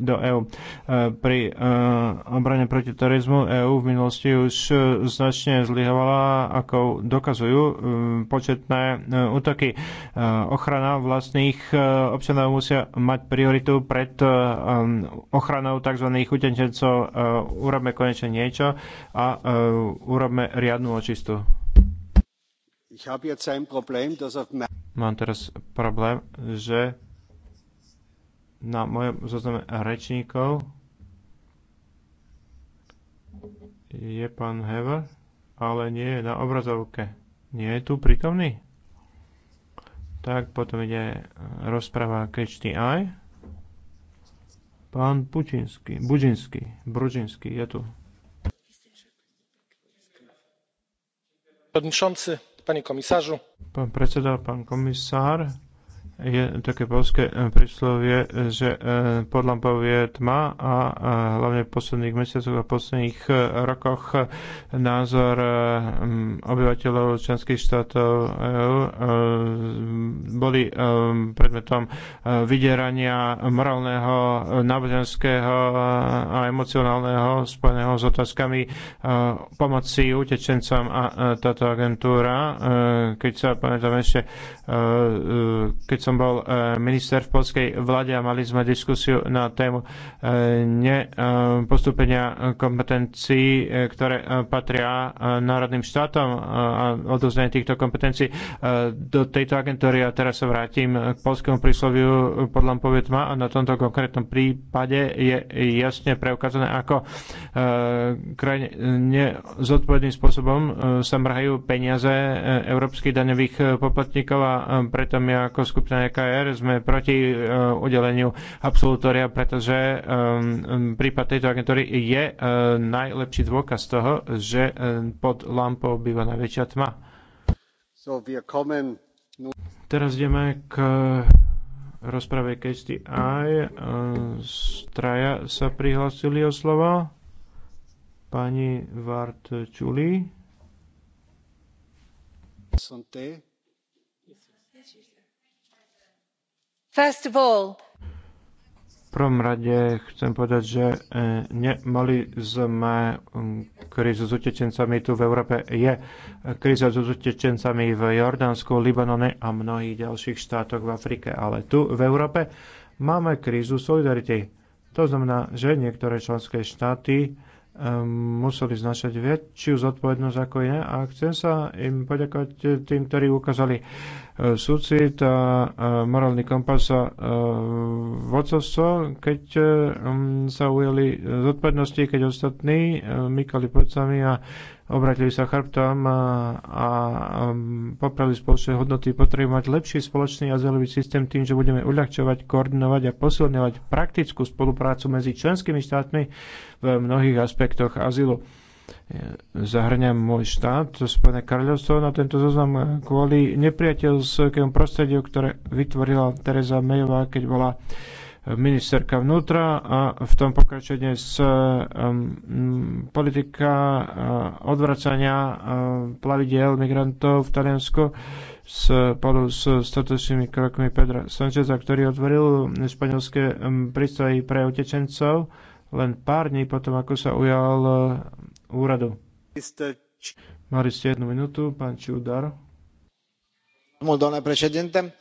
do EÚ. E, pri e, obrane proti terorizmu EÚ v minulosti už značne zlyhovala, ako dokazujú e, početné útoky. Ochrana vlastných občanov musia mať prioritu pred ochranou tzv. utečencov. Urobme konečne niečo a urobme riadnu očistu. Mám teraz problém, že na mojom zozname rečníkov je pán Hever, ale nie je na obrazovke. Nie je tu prítomný? Tak potom ide rozpráva Catch aj. Pán Pučinský, Budžinský, Brudžinský je tu. Pán predseda, pán komisár, je také polské eh, príslovie, že pod lampou je tma a eh, hlavne v posledných mesiacoch a posledných eh, rokoch názor obyvateľov členských štátov EU boli predmetom vydierania morálneho, náboženského a emocionálneho spojeného s otázkami pomoci utečencom a táto agentúra, keď sa pamätám ešte, keď sa som bol e, minister v polskej vláde a mali sme diskusiu na tému e, e, postupenia kompetencií, ktoré patria národným štátom a odozdanie týchto kompetencií do tejto agentúry. A teraz sa vrátim k polskému prísloviu podľa povietma a na tomto konkrétnom prípade je jasne preukázané, ako krajne nezodpovedným spôsobom sa mrhajú peniaze európskych daňových poplatníkov a preto my ako skupina EKR sme proti e, udeleniu absolutória, pretože e, prípad tejto agentúry je e, najlepší dôkaz toho, že pod lampou býva najväčšia tma. So Teraz ideme k rozprave Kesti Aj. Straja sa prihlásili o slovo. Pani Vart Čuli. Santé. v prvom rade chcem povedať, že e, nemali sme krízu s utečencami tu v Európe. Je kríza s utečencami v Jordánsku, Libanone a mnohých ďalších štátoch v Afrike. Ale tu v Európe máme krízu solidarity. To znamená, že niektoré členské štáty Ehm, museli znašať väčšiu zodpovednosť ako iné a chcem sa im poďakovať tým, ktorí ukázali e, súcit a e, morálny kompas a e, vodcovstvo, keď sa ujeli zodpovednosti, keď ostatní mykali plecami a obratili sa chrbtom a popravili spoločné hodnoty. Potrebujeme mať lepší spoločný azylový systém tým, že budeme uľahčovať, koordinovať a posilňovať praktickú spoluprácu medzi členskými štátmi v mnohých aspektoch azylu zahrňam môj štát, Spojené kráľovstvo, na tento zoznam kvôli nepriateľskému prostrediu, ktoré vytvorila Teresa Mayová, keď bola ministerka vnútra a v tom pokračuje dnes eh, politika eh, odvracania eh, plavidiel migrantov v Taliansku spolu s statusnými krokmi Pedra Sancheza, ktorý otvoril španielské prístroje pre utečencov len pár dní potom, ako sa ujal úradu. Mali ste jednu minútu, pán Čudar. Mult, domnule președinte,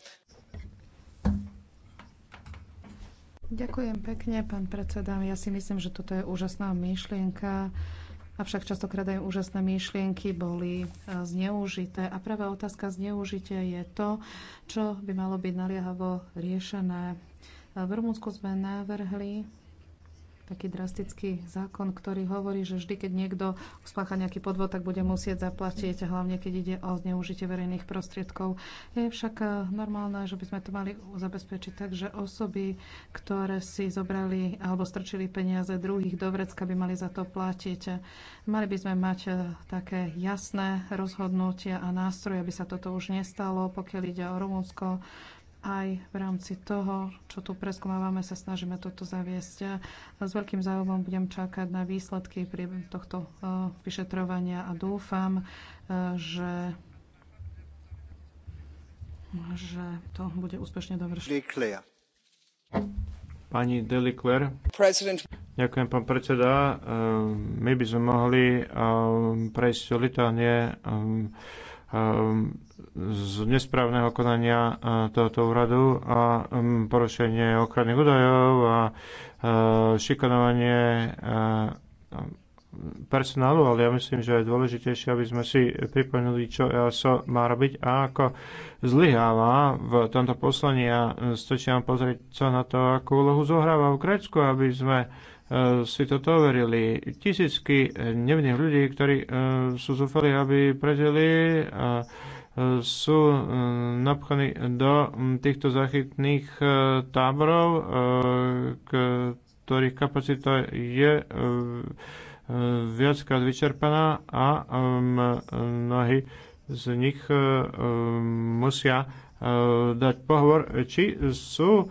Ďakujem pekne, pán predseda. Ja si myslím, že toto je úžasná myšlienka. Avšak častokrát aj úžasné myšlienky boli e, zneužité. A práve otázka zneužitia je to, čo by malo byť naliehavo riešené. E, v Rumunsku sme navrhli taký drastický zákon, ktorý hovorí, že vždy, keď niekto spácha nejaký podvod, tak bude musieť zaplatiť, hlavne keď ide o zneužitie verejných prostriedkov. Je však e, normálne, že by sme to mali zabezpečiť tak, že osoby, ktoré si zobrali alebo strčili peniaze druhých do vrecka, by mali za to platiť. Mali by sme mať e, také jasné rozhodnutia a nástroje, aby sa toto už nestalo, pokiaľ ide o Rumunsko, aj v rámci toho, čo tu preskúmávame, sa snažíme toto zaviesť. A s veľkým záujmom budem čakať na výsledky pri tohto e, vyšetrovania a dúfam, e, že že to bude úspešne dovršené. Pani Delicler. Ďakujem, pán predseda. E, my by sme mohli prejsť litánie Ehm, z nesprávneho konania e, tohoto úradu a ehm, porušenie ochranných údajov a e, šikanovanie e, personálu, ale ja myslím, že je dôležitejšie, aby sme si pripomenuli, čo EASO má robiť a ako zlyháva v tomto poslaní a stačí nám pozrieť sa na to, akú úlohu zohráva v Grécku, aby sme Eh, si toto overili. Tisícky eh, nevinných ľudí, ktorí eh, sú zúfali, aby prežili a sú napchaní do hm, týchto zachytných táborov, ktorých kapacita je viackrát vyčerpaná a hm, mnohí z nich hm, musia dať pohovor, či sú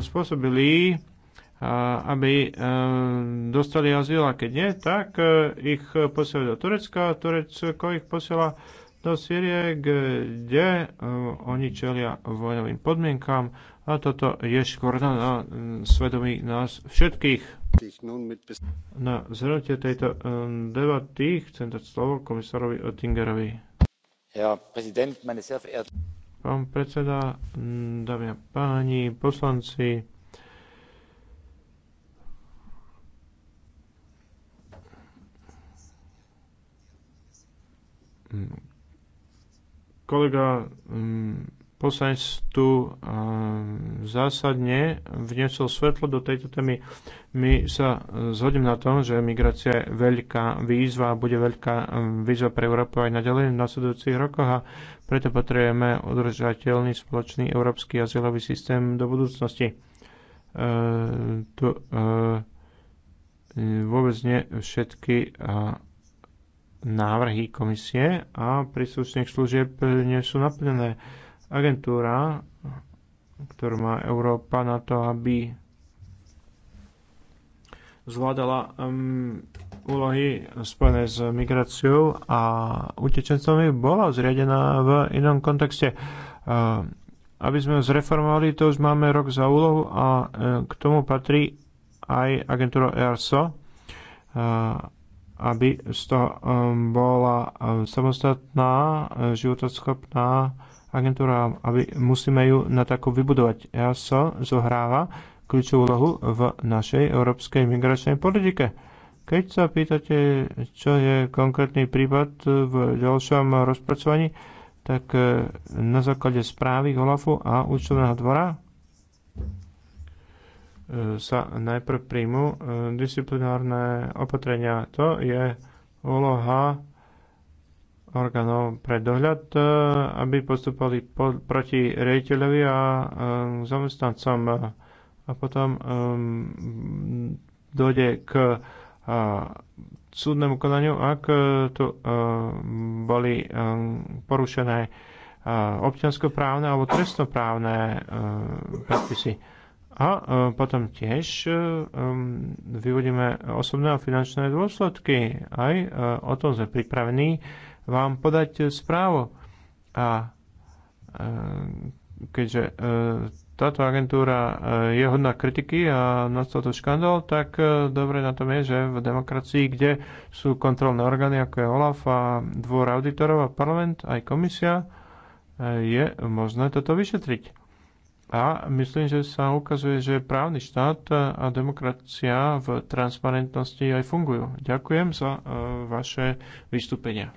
spôsobili aby e, dostali azyl a keď nie, tak e, ich posiela do Turecka a Turecko ich posiela do Sýrie, kde e, oni čelia vojnovým podmienkam a toto je škvrna na svedomí nás všetkých. Na zhrnutie tejto debaty chcem dať slovo komisárovi Oettingerovi. Pán predseda, dámy a páni, poslanci, Mm. kolega mm, poslanec tu zásadne vniesol svetlo do tejto témy. My sa e, zhodím na tom, že migrácia je veľká výzva a bude veľká e, výzva pre Európu aj naďalej v nasledujúcich rokoch a preto potrebujeme udržateľný spoločný európsky azylový systém do budúcnosti. E, tu vôbec nie všetky návrhy komisie a príslušných služieb nie sú naplnené. Agentúra, ktorú má Európa na to, aby zvládala um, úlohy spojené s migráciou a utečencami, bola zriadená v inom kontexte. Uh, aby sme ho zreformovali, to už máme rok za úlohu a uh, k tomu patrí aj agentúra ERSO. Uh, aby z toho um, bola um, samostatná, uh, životoschopná agentúra, aby musíme ju na takú vybudovať. EASO zohráva kľúčovú úlohu v našej európskej migračnej politike. Keď sa pýtate, čo je konkrétny prípad v ďalšom rozpracovaní, tak uh, na základe správy Olafu a účtovného dvora sa najprv príjmu e, disciplinárne opatrenia. To je úloha orgánov pre dohľad, e, aby postupovali po, proti riaditeľovi a e, zamestnancom. A potom um, dojde k súdnemu konaniu, ak tu boli porušené občianskoprávne alebo trestnoprávne predpisy a e, potom tiež e, vyvodíme osobné a finančné dôsledky. Aj e, o tom sme pripravení vám podať správu. A keďže táto agentúra je hodná kritiky a nastal to škandál, tak dobre na tom je, že v demokracii, kde sú kontrolné orgány ako je OLAF a dvor auditorov a parlament, aj komisia, je možné toto vyšetriť. A myslím, že sa ukazuje, že právny štát a demokracia v transparentnosti aj fungujú. Ďakujem za e, vaše vystúpenia.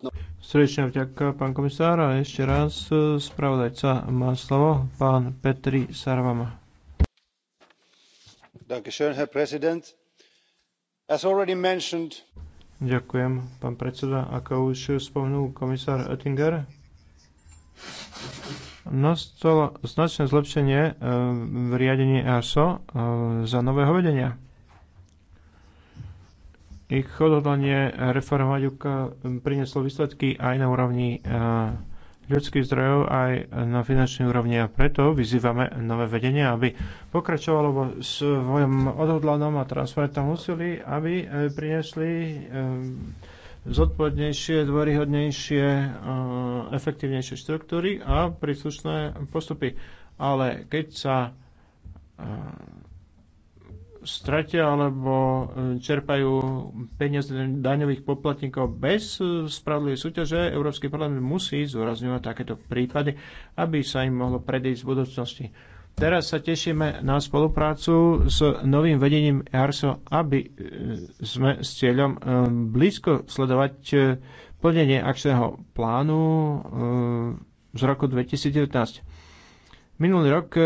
No- Srdečne vďaka, pán komisár. A ešte raz e, spravodajca má slovo, pán Petri Sarvama. Ďakujem, Herr prezident. As already mentioned, Ďakujem, pán predseda. Ako už spomenul komisár Oettinger, nastalo značné zlepšenie eh, v riadení EASO eh, za nového vedenia. Ich odhodlanie reformovať prinieslo výsledky aj na úrovni eh, ľudských zdrojov aj na finančnej úrovni a preto vyzývame nové vedenie, aby pokračovalo vo svojom odhodlanom a transparentnom úsilí, aby eh, priniesli eh, zodpovednejšie, dôryhodnejšie, eh, efektívnejšie štruktúry a príslušné postupy. Ale keď sa stratia alebo e, čerpajú peniaze daňových poplatníkov bez e, spravodlivej súťaže, Európsky parlament musí zúrazňovať takéto prípady, aby sa im mohlo predísť v budúcnosti. Teraz sa tešíme na spoluprácu s novým vedením EARSO, aby e, sme s cieľom blízko sledovať plnenie akčného plánu z roku 2019. Minulý rok e,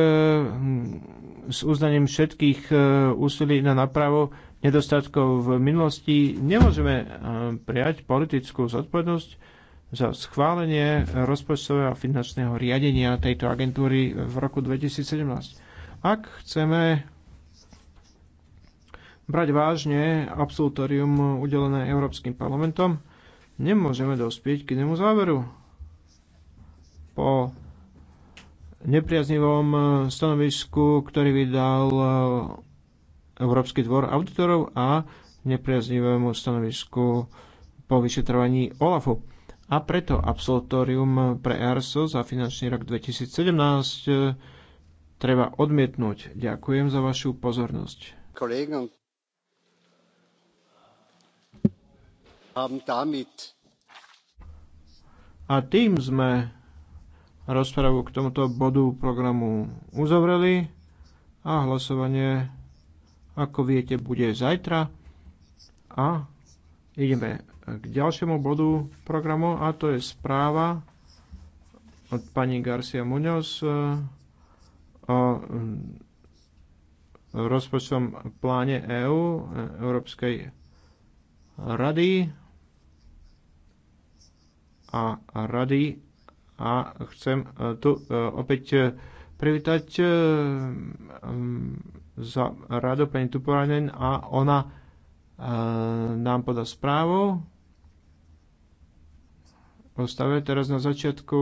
s uznaním všetkých e, úsilí na napravo nedostatkov v minulosti nemôžeme e, prijať politickú zodpovednosť za schválenie rozpočtového a finančného riadenia tejto agentúry v roku 2017. Ak chceme brať vážne absolutorium udelené Európskym parlamentom, nemôžeme dospieť k inému záveru. Po nepriaznivom eh, stanovisku, ktorý vydal eh, Európsky dvor auditorov a nepriaznivému stanovisku po vyšetrovaní OLAFu. A preto absolutorium pre ERSO za finančný rok 2017 eh, treba odmietnúť. Ďakujem za vašu pozornosť. a tým sme rozpravu k tomuto bodu programu uzavreli a hlasovanie, ako viete, bude zajtra. A ideme k ďalšiemu bodu programu a to je správa od pani Garcia Muñoz eh, o mm, rozpočtovom pláne EÚ, eh, Európskej rady a rady a chcem e, tu e, opäť e, privítať za rado pani Tuporanen a ona nám podá správu o teraz na začiatku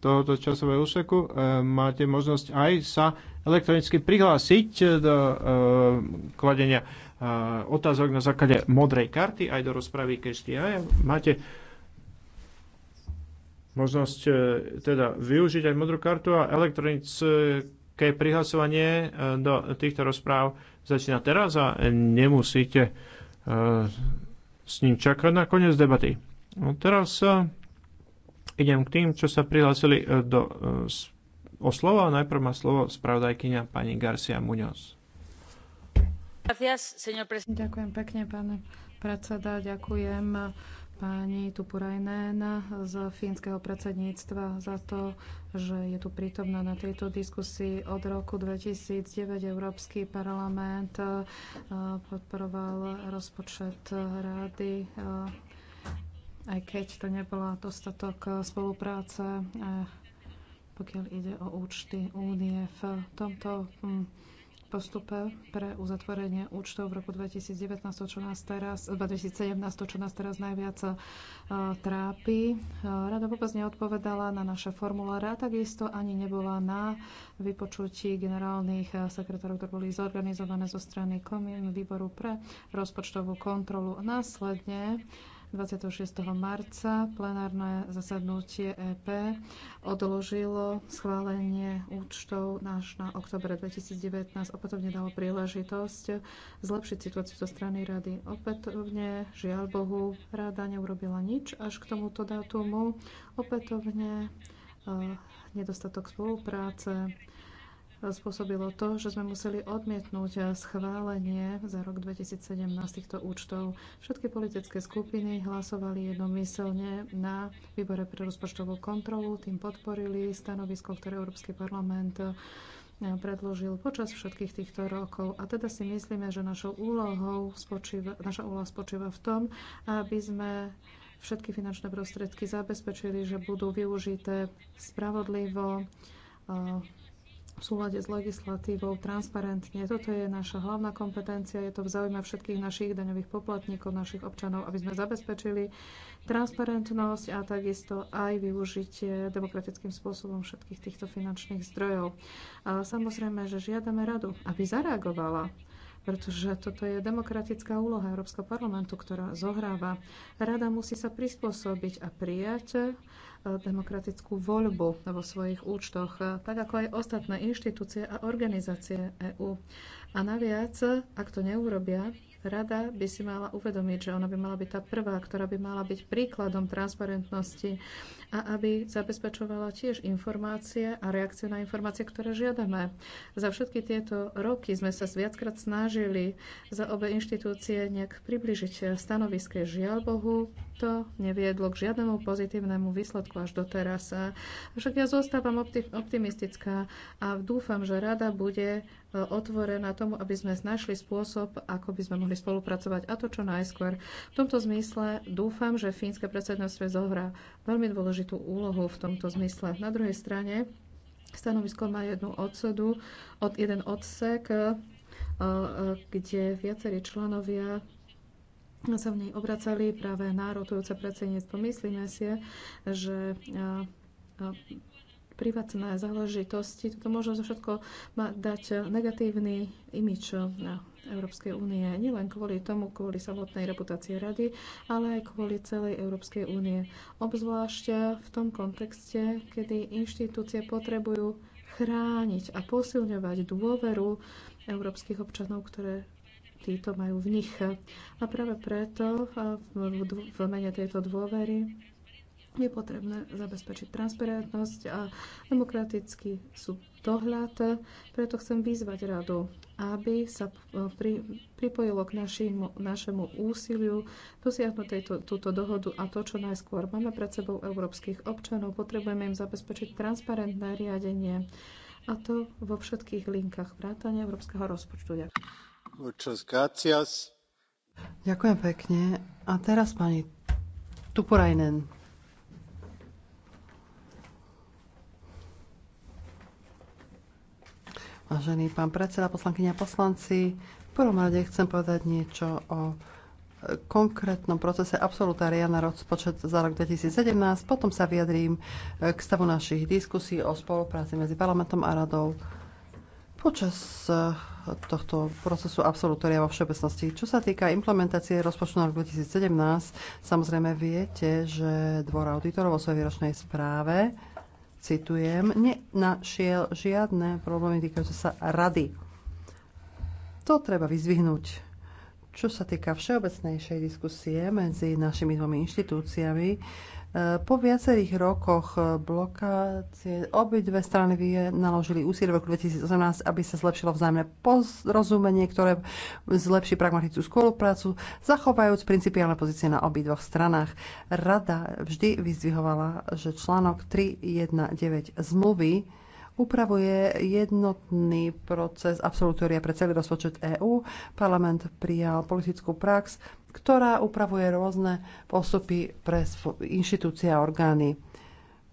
tohoto časového úseku. Máte možnosť aj sa elektronicky prihlásiť do kladenia otázok na základe modrej karty aj do rozpravy aj Máte možnosť e, teda využiť aj modrú kartu a elektronické prihlasovanie e, do týchto rozpráv začína teraz a nemusíte e, s ním čakať na koniec debaty. No teraz idem k tým, čo sa prihlásili do, o slovo. Najprv má slovo spravodajkyňa pani Garcia Muñoz. Ďakujem pekne, pán predseda. Ďakujem pani Tupurajnen z fínskeho predsedníctva za to, že je tu prítomná na tejto diskusii. Od roku 2009 Európsky parlament eh, podporoval rozpočet rády eh, aj keď to nebola dostatok eh, spolupráce, pokiaľ ide o účty únie. V tomto hm, postupe pre uzatvorenie účtov v roku 2019, čo nás teraz, 2017, čo nás teraz najviac e, trápi. E, rada vôbec neodpovedala na naše formuláre a takisto ani nebola na vypočutí generálnych e, sekretárov, ktoré boli zorganizované zo strany výboru pre rozpočtovú kontrolu. Následne 26. marca plenárne zasadnutie EP odložilo schválenie účtov náš na oktobre 2019. Opätovne dalo príležitosť zlepšiť situáciu zo strany rady. Opätovne, žiaľ Bohu, rada neurobila nič až k tomuto dátumu. Opätovne eh, nedostatok spolupráce spôsobilo to, že sme museli odmietnúť schválenie za rok 2017 týchto účtov. Všetky politické skupiny hlasovali jednomyselne na výbore pre rozpočtovú kontrolu, tým podporili stanovisko, ktoré Európsky parlament eh, predložil počas všetkých týchto rokov. A teda si myslíme, že našou úlohou spočíva, naša úloha spočíva v tom, aby sme všetky finančné prostriedky zabezpečili, že budú využité spravodlivo, eh, v súlade s legislatívou transparentne. Toto je naša hlavná kompetencia, je to v záujme všetkých našich daňových poplatníkov, našich občanov, aby sme zabezpečili transparentnosť a takisto aj využitie demokratickým spôsobom všetkých týchto finančných zdrojov. A samozrejme, že žiadame radu, aby zareagovala pretože toto je demokratická úloha Európskeho parlamentu, ktorá zohráva. Rada musí sa prispôsobiť a prijať demokratickú voľbu vo svojich účtoch, tak ako aj ostatné inštitúcie a organizácie EÚ. A naviac, ak to neurobia, Rada by si mala uvedomiť, že ona by mala byť tá prvá, ktorá by mala byť príkladom transparentnosti a aby zabezpečovala tiež informácie a reakciu na informácie, ktoré žiadame. Za všetky tieto roky sme sa viackrát snažili za obe inštitúcie nejak približiť stanoviské. Žiaľ Bohu, to neviedlo k žiadnemu pozitívnemu výsledku až doteraz. Však ja zostávam optimistická a dúfam, že rada bude e, otvorená tomu, aby sme našli spôsob, ako by sme mohli spolupracovať a to čo najskôr. V tomto zmysle dúfam, že fínske predsedníctvo zohrá veľmi dôležitý dôležitú úlohu v tomto zmysle. Na druhej strane stanovisko má jednu odsodu, od jeden odsek, e, e, kde viacerí členovia sa v nej obracali práve na rotujúce predsedníctvo. Myslíme si, že e, privátne záležitosti, toto môže všetko dať negatívny imič na Európskej únie. Nielen kvôli tomu, kvôli samotnej reputácii rady, ale aj kvôli celej Európskej únie. Obzvlášť v tom kontexte, kedy inštitúcie potrebujú chrániť a posilňovať dôveru európskych občanov, ktoré títo majú v nich. A práve preto v, v, v mene tejto dôvery je potrebné zabezpečiť transparentnosť a demokratický dohľad. Preto chcem vyzvať radu, aby sa pri, pripojilo k našim, našemu úsiliu dosiahnuť tejto, túto dohodu a to, čo najskôr. Máme pred sebou európskych občanov, potrebujeme im zabezpečiť transparentné riadenie a to vo všetkých linkách vrátania európskeho rozpočtu. Ďakujem. Ďakujem pekne. A teraz pani Tuporajnen. Vážený pán predseda, poslankyňa a poslanci, v prvom rade chcem povedať niečo o e, konkrétnom procese absolutária na rozpočet za rok 2017. Potom sa vyjadrím e, k stavu našich diskusí o spolupráci medzi parlamentom a radou počas e, tohto procesu absolutória vo všeobecnosti. Čo sa týka implementácie rozpočtu na rok 2017, samozrejme viete, že Dvor auditorov vo svojej výročnej správe citujem, nenašiel žiadne problémy týkajúce sa rady. To treba vyzvihnúť. Čo sa týka všeobecnejšej diskusie medzi našimi dvomi inštitúciami, po viacerých rokoch eh, blokácie obidve strany naložili úsilie v roku 2018, aby sa zlepšilo vzájomné porozumenie, ktoré zlepší pragmatickú spoluprácu, zachovajúc principiálne pozície na obidvoch stranách. Rada vždy vyzvihovala, že článok 319 zmluvy upravuje jednotný proces absolutória pre celý rozpočet EÚ. Parlament prijal politickú prax, ktorá upravuje rôzne postupy pre inštitúcie a orgány.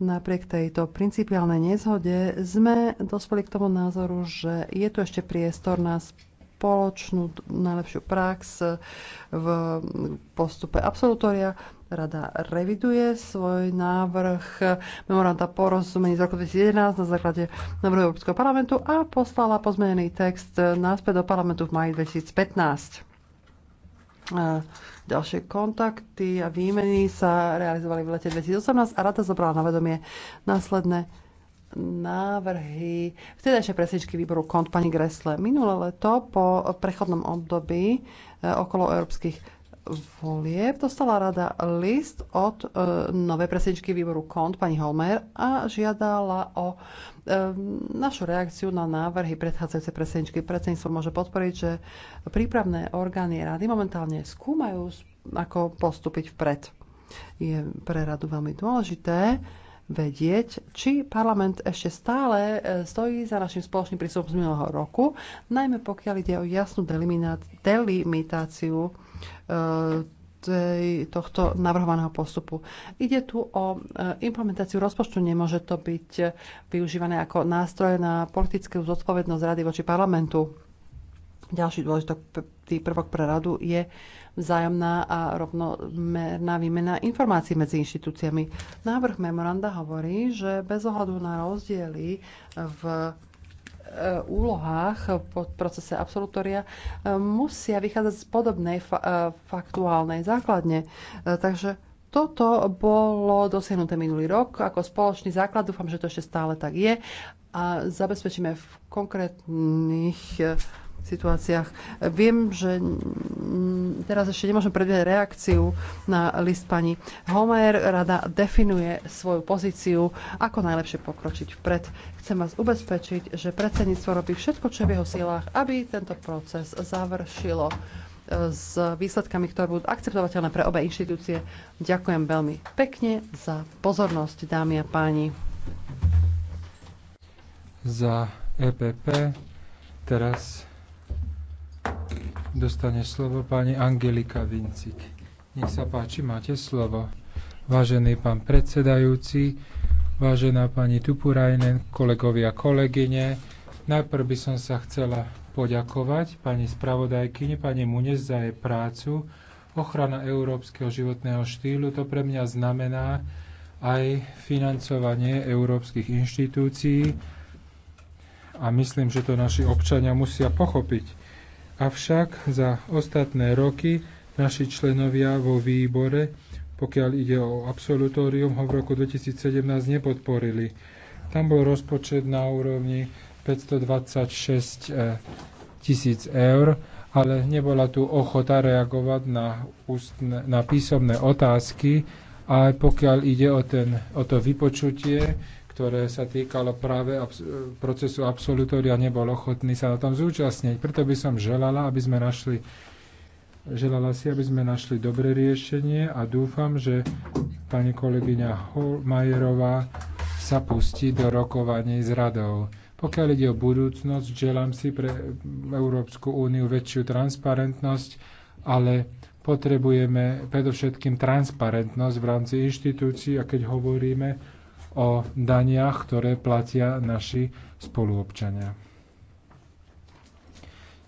Napriek tejto principiálnej nezhode sme dospeli k tomu názoru, že je tu ešte priestor na spoločnú najlepšiu prax v postupe absolutória. Rada reviduje svoj návrh memoranda porozumení z roku 2011 na základe návrhu Európskeho parlamentu a poslala pozmenený text náspäť do parlamentu v maji 2015. Ďalšie kontakty a výmeny sa realizovali v lete 2018 a rada zobrala na vedomie následné návrhy vtedajšej predsedničky výboru KONT pani Gresle. Minulé leto po prechodnom období e, okolo európskych volieb dostala rada list od e, novej predsedničky výboru KONT pani Holmer a žiadala o e, našu reakciu na návrhy predchádzajúcej predsedničky. Predsedníctvo môže podporiť, že prípravné orgány rady momentálne skúmajú, ako postúpiť vpred. Je pre radu veľmi dôležité, vedieť, či parlament ešte stále e, stojí za našim spoločným prístupom z minulého roku, najmä pokiaľ ide o jasnú delimitáciu e, tej, tohto navrhovaného postupu. Ide tu o e, implementáciu rozpočtu. Nemôže to byť využívané ako nástroj na politickú zodpovednosť rady voči parlamentu ďalší dôležitý prvok pre radu je vzájomná a rovnomerná výmena informácií medzi inštitúciami. Návrh memoranda hovorí, že bez ohľadu na rozdiely v e, úlohách po procese absolutória e, musia vychádzať z podobnej fa- e, faktuálnej základne. Takže toto bolo dosiahnuté minulý rok ako spoločný základ. Dúfam, že to ešte stále tak je a zabezpečíme v konkrétnych situáciách. Viem, že teraz ešte nemôžem predvídať reakciu na list pani Homer. Rada definuje svoju pozíciu, ako najlepšie pokročiť vpred. Chcem vás ubezpečiť, že predsedníctvo robí všetko, čo je v jeho silách, aby tento proces završilo e, s výsledkami, ktoré budú akceptovateľné pre obe inštitúcie. Ďakujem veľmi pekne za pozornosť, dámy a páni. Za EPP teraz dostane slovo pani Angelika Vincik. Nech sa páči, máte slovo. Vážený pán predsedajúci, vážená pani Tupurajnen, kolegovia, kolegyne, najprv by som sa chcela poďakovať pani spravodajkyni, pani Munez za jej prácu. Ochrana európskeho životného štýlu to pre mňa znamená aj financovanie európskych inštitúcií a myslím, že to naši občania musia pochopiť. Avšak za ostatné roky naši členovia vo výbore, pokiaľ ide o absolutórium, ho v roku 2017 nepodporili. Tam bol rozpočet na úrovni 526 eh, tisíc eur, ale nebola tu ochota reagovať na, ústne, na písomné otázky, aj pokiaľ ide o, ten, o to vypočutie, ktoré sa týkalo práve procesu absolutória, nebol ochotný sa na tom zúčastniť. Preto by som želala, aby sme našli Želala si, aby sme našli dobré riešenie a dúfam, že pani kolegyňa Holmajerová sa pustí do rokovaní s radou. Pokiaľ ide o budúcnosť, želám si pre Európsku úniu väčšiu transparentnosť, ale potrebujeme predovšetkým transparentnosť v rámci inštitúcií a keď hovoríme o daniach, ktoré platia naši spoluobčania.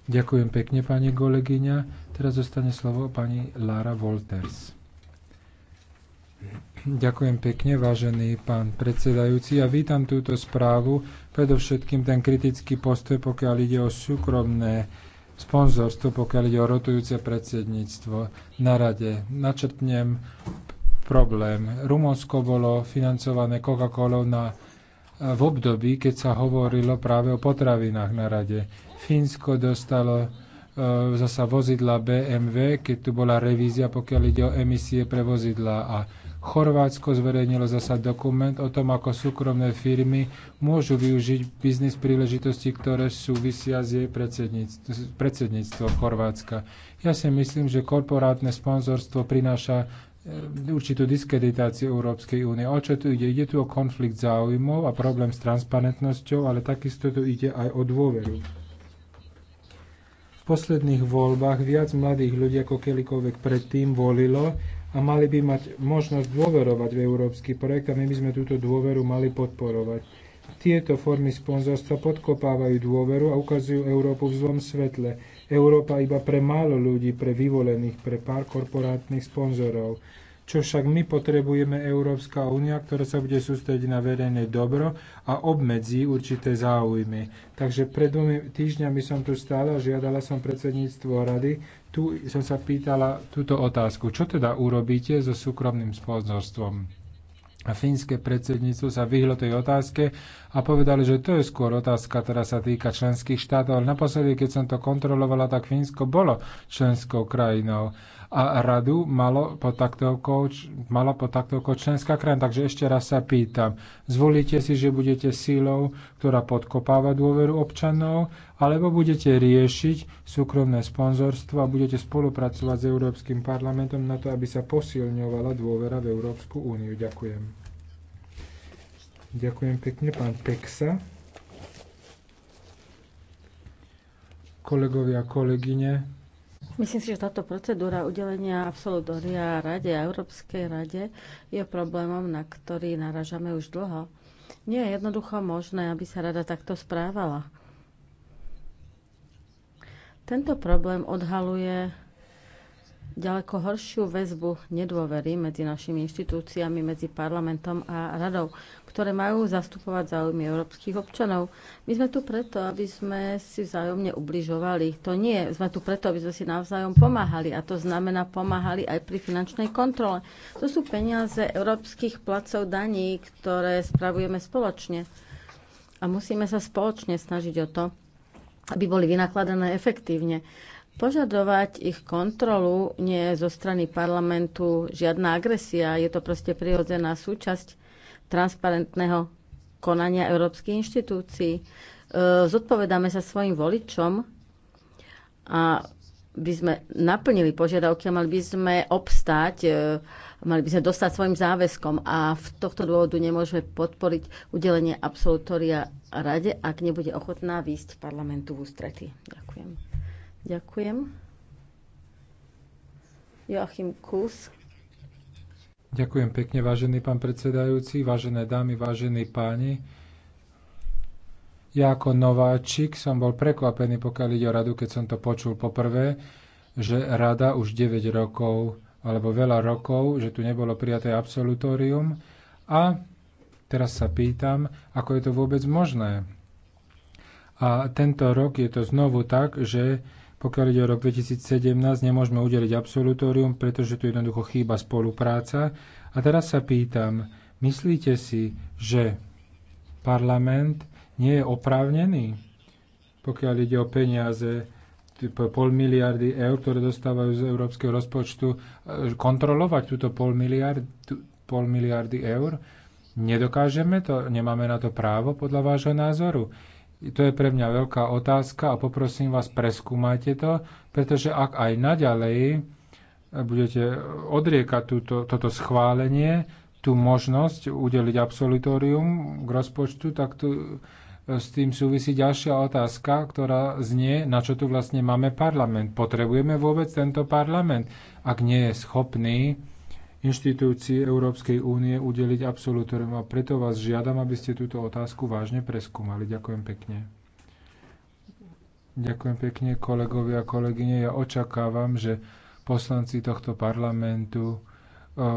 Ďakujem pekne, pani kolegyňa. Teraz zostane slovo pani Lara Wolters. Ďakujem pekne, vážený pán predsedajúci. Ja vítam túto správu, predovšetkým ten kritický postoj, pokiaľ ide o súkromné sponzorstvo, pokiaľ ide o rotujúce predsedníctvo na rade. Načrtnem problém. Rumunsko bolo financované Coca-Colou na, e, v období, keď sa hovorilo práve o potravinách na rade. Fínsko dostalo e, zasa vozidla BMW, keď tu bola revízia, pokiaľ ide o emisie pre vozidla a Chorvátsko zverejnilo zasa dokument o tom, ako súkromné firmy môžu využiť biznis príležitosti, ktoré súvisia s jej predsedníctvom Chorvátska. Ja si myslím, že korporátne sponzorstvo prináša E, určitú diskreditáciu Európskej únie. O čo tu ide? Ide tu o konflikt záujmov a problém s transparentnosťou, ale takisto tu ide aj o dôveru. V posledných voľbách viac mladých ľudí ako kedykoľvek predtým volilo a mali by mať možnosť dôverovať v európsky projekt a my by sme túto dôveru mali podporovať. Tieto formy sponzorstva podkopávajú dôveru a ukazujú Európu v zlom svetle Európa iba pre málo ľudí, pre vyvolených, pre pár korporátnych sponzorov. Čo však my potrebujeme Európska únia, ktorá sa bude sústrediť na verejné dobro a obmedzí určité záujmy. Takže pred dvomi týždňami som tu stála, žiadala som predsedníctvo rady, tu som sa pýtala túto otázku. Čo teda urobíte so súkromným sponzorstvom? a fínske predsedníctvo sa vyhlo tej otázke a povedali, že to je skôr otázka, ktorá sa týka členských štátov. Ale naposledy, keď som to kontrolovala, tak Fínsko bolo členskou krajinou a radu malo pod taktovkou, mala pod taktovkou členská krajina. Takže ešte raz sa pýtam, zvolíte si, že budete síľou, ktorá podkopáva dôveru občanov, alebo budete riešiť súkromné sponzorstvo a budete spolupracovať s Európskym parlamentom na to, aby sa posilňovala dôvera v Európsku úniu. Ďakujem. Ďakujem pekne, pán Peksa. Kolegovia a kolegyne, Myslím si, že táto procedúra udelenia absolutória Rade a Európskej rade je problémom, na ktorý naražame už dlho. Nie je jednoducho možné, aby sa rada takto správala. Tento problém odhaluje ďaleko horšiu väzbu nedôvery medzi našimi inštitúciami, medzi parlamentom a radou, ktoré majú zastupovať záujmy európskych občanov. My sme tu preto, aby sme si vzájomne ubližovali. To nie. Sme tu preto, aby sme si navzájom pomáhali. A to znamená pomáhali aj pri finančnej kontrole. To sú peniaze európskych placov daní, ktoré spravujeme spoločne. A musíme sa spoločne snažiť o to, aby boli vynakladané efektívne. Požadovať ich kontrolu nie je zo strany parlamentu žiadna agresia, je to proste prirodzená súčasť transparentného konania európskych inštitúcií. E, zodpovedáme sa svojim voličom a by sme naplnili požiadavky a mali by sme obstáť, e, mali by sme dostať svojim záväzkom a v tohto dôvodu nemôžeme podporiť udelenie absolutória rade, ak nebude ochotná výjsť parlamentu v ústrety. Ďakujem. Ďakujem. Joachim Kus. Ďakujem pekne, vážený pán predsedajúci, vážené dámy, vážení páni. Ja ako nováčik som bol prekvapený, pokiaľ ide o radu, keď som to počul poprvé, že rada už 9 rokov, alebo veľa rokov, že tu nebolo prijaté absolutórium. A teraz sa pýtam, ako je to vôbec možné. A tento rok je to znovu tak, že pokiaľ ide o rok 2017, nemôžeme udeliť absolutórium, pretože tu jednoducho chýba spolupráca. A teraz sa pýtam, myslíte si, že parlament nie je oprávnený, pokiaľ ide o peniaze, pol miliardy eur, ktoré dostávajú z európskeho rozpočtu, e, kontrolovať túto pol, miliard, pol miliardy eur? Nedokážeme to? Nemáme na to právo podľa vášho názoru? To je pre mňa veľká otázka a poprosím vás, preskúmajte to, pretože ak aj naďalej eh, budete odriekať túto, toto schválenie, tú možnosť udeliť absolutórium k rozpočtu, tak tu eh, s tým súvisí ďalšia otázka, ktorá znie, na čo tu vlastne máme parlament. Potrebujeme vôbec tento parlament? Ak nie je schopný inštitúcii Európskej únie udeliť absolutórium A preto vás žiadam, aby ste túto otázku vážne preskúmali. Ďakujem pekne. Ďakujem pekne, kolegovia a kolegyne. Ja očakávam, že poslanci tohto parlamentu eh,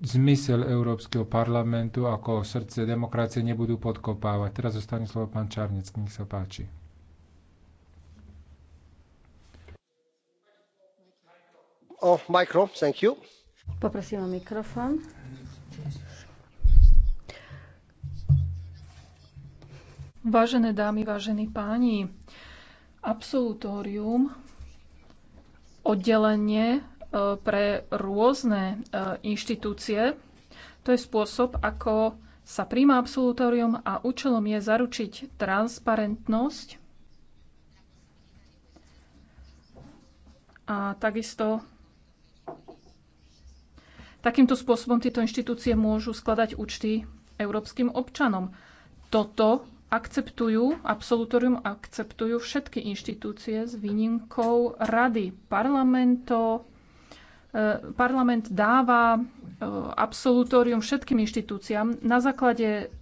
zmysel Európskeho parlamentu ako srdce demokracie nebudú podkopávať. Teraz zostane slovo pán Čarnecký, nech sa páči. Vážené dámy, vážení páni, absolutórium, oddelenie e, pre rôzne e, inštitúcie, to je spôsob, ako sa prijíma absolutórium a účelom je zaručiť transparentnosť a takisto Takýmto spôsobom tieto inštitúcie môžu skladať účty európskym občanom. Toto akceptujú, absolutorium akceptujú všetky inštitúcie s výnimkou rady. Parlamento, e, parlament dáva e, absolutórium všetkým inštitúciám na základe